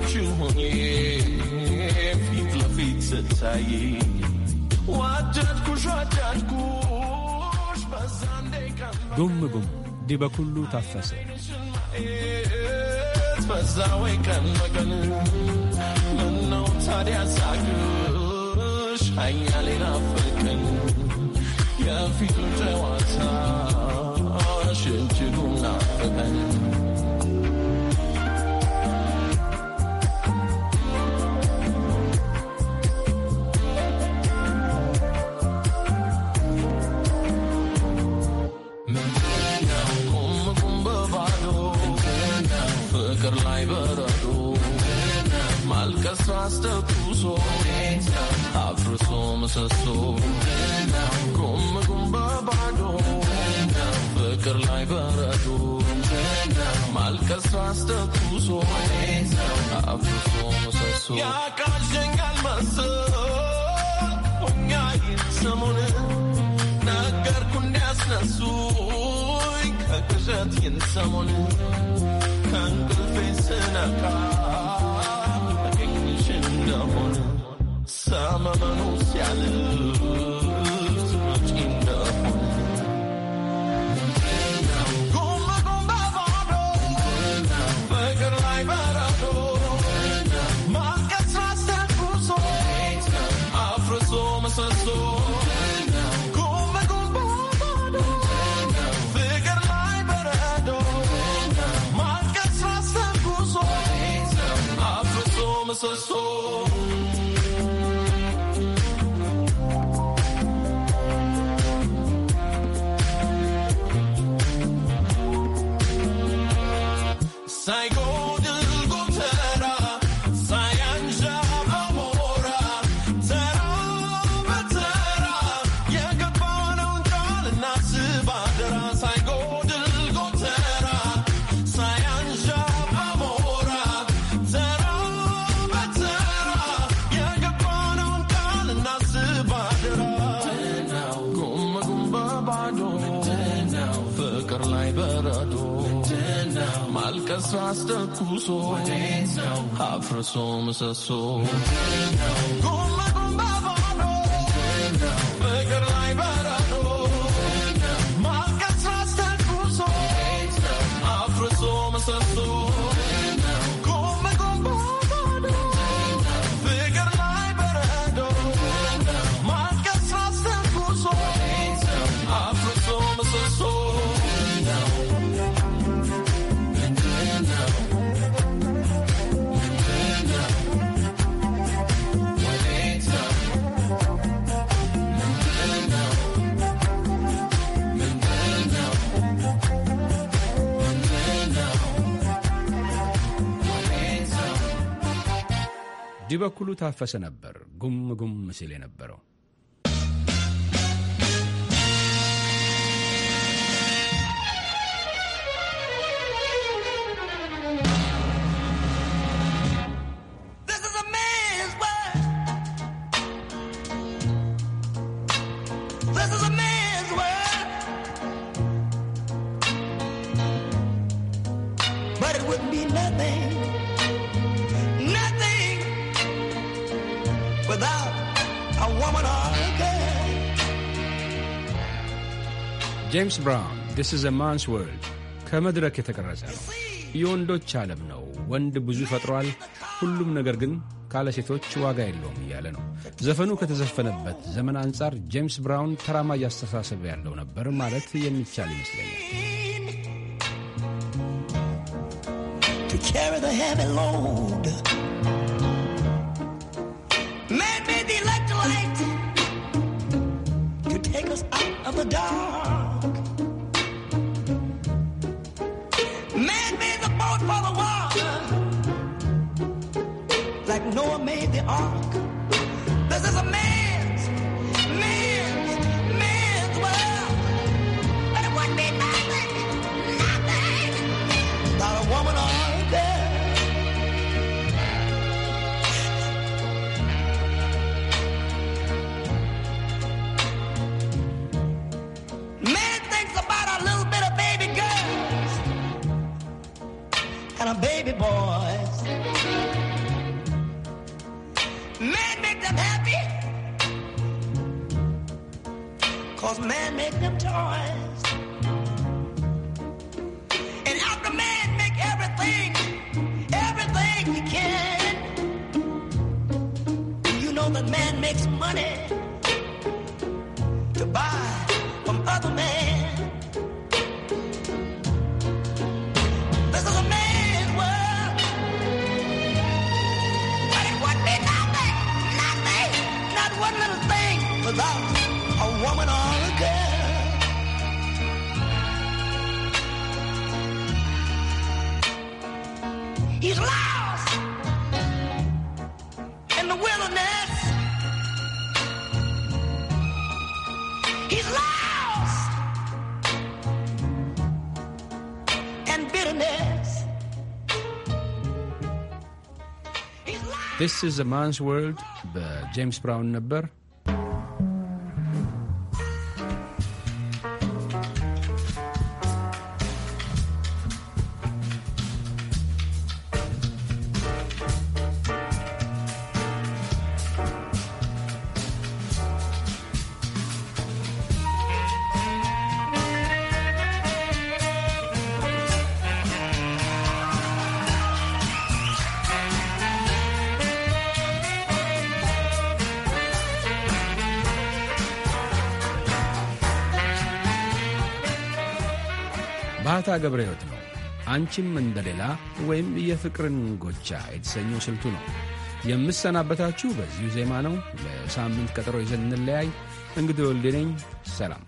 K: ያላችሁን ፊት ለፊት ስታይ ዋጃድኩሽ ዋጃድኩሽ በዛንዴ
J: ጉም ጉም ዲበኩሉ ታፈሰ
K: በዛ ወይ ቀን በቀን ምነው ታዲያ ሳቅሽ እኛ ሌላ ፍቅን የፊቱ ጨዋታ ሽንችሉ ናፍቀን ከሷ አስተኩሶ አፍርሶ ምሰሶ ቁም ቁም ባዶ ፍቅር ላይ በረዶ ማልቀሷ አስተኩሶ አፍርሶ ምሰሶ ያቃዠኛል መሰል ነገርኩ ከቅዠት ይንሰሞን ከእንቅልፌ ስነቃ Summer, swastakuso afrosomasaso no.
J: በኩሉ ታፈሰ ነበር ጉም ጉም ሲል የነበረው። ጄምስ ብራውን ዲስ ኢዝ ማንስ ወርልድ ከመድረክ የተቀረጸ ነው። የወንዶች ዓለም ነው። ወንድ ብዙ ፈጥሯል፣ ሁሉም ነገር ግን ካለ ሴቶች ዋጋ የለውም እያለ ነው። ዘፈኑ ከተዘፈነበት ዘመን አንጻር ጄምስ ብራውን ተራማጅ አስተሳሰብ ያለው ነበር ማለት የሚቻል ይመስለኛል። Man made the
L: electrolyte to take us out of the dark. Man made the boat for the water, like Noah made the ark. This is a man. boys. Man make them happy. Cause man make them toys. And after man make everything, everything he can. You know that man makes money.
J: ዲስ ኢዝ ማንስ ወርልድ በጄምስ ብራውን ነበር። የካታ ገብረ ሕይወት ነው። አንቺም እንደሌላ ወይም የፍቅርን ጎቻ የተሰኘው ስልቱ ነው። የምሰናበታችሁ በዚሁ ዜማ ነው። ለሳምንት ቀጠሮ ይዘን እንለያይ። እንግዲህ ወልዴ ነኝ። ሰላም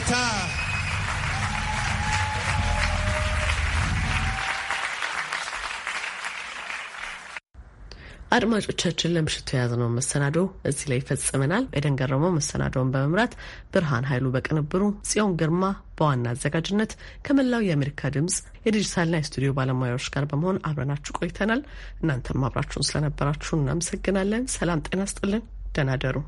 K: Bata.
A: አድማጮቻችን ለምሽቱ ነው መሰናዶ እዚህ ላይ ይፈጽመናል። ኤደን ገረመው መሰናዶውን በመምራት ብርሃን ኃይሉ በቅንብሩ፣ ጽዮን ግርማ በዋና አዘጋጅነት ከመላው የአሜሪካ ድምፅ የዲጂታልና የስቱዲዮ ባለሙያዎች ጋር በመሆን አብረናችሁ ቆይተናል። እናንተም አብራችሁን ስለነበራችሁ እናመሰግናለን። ሰላም ጤና ስጥልን። ደህና ደሩ።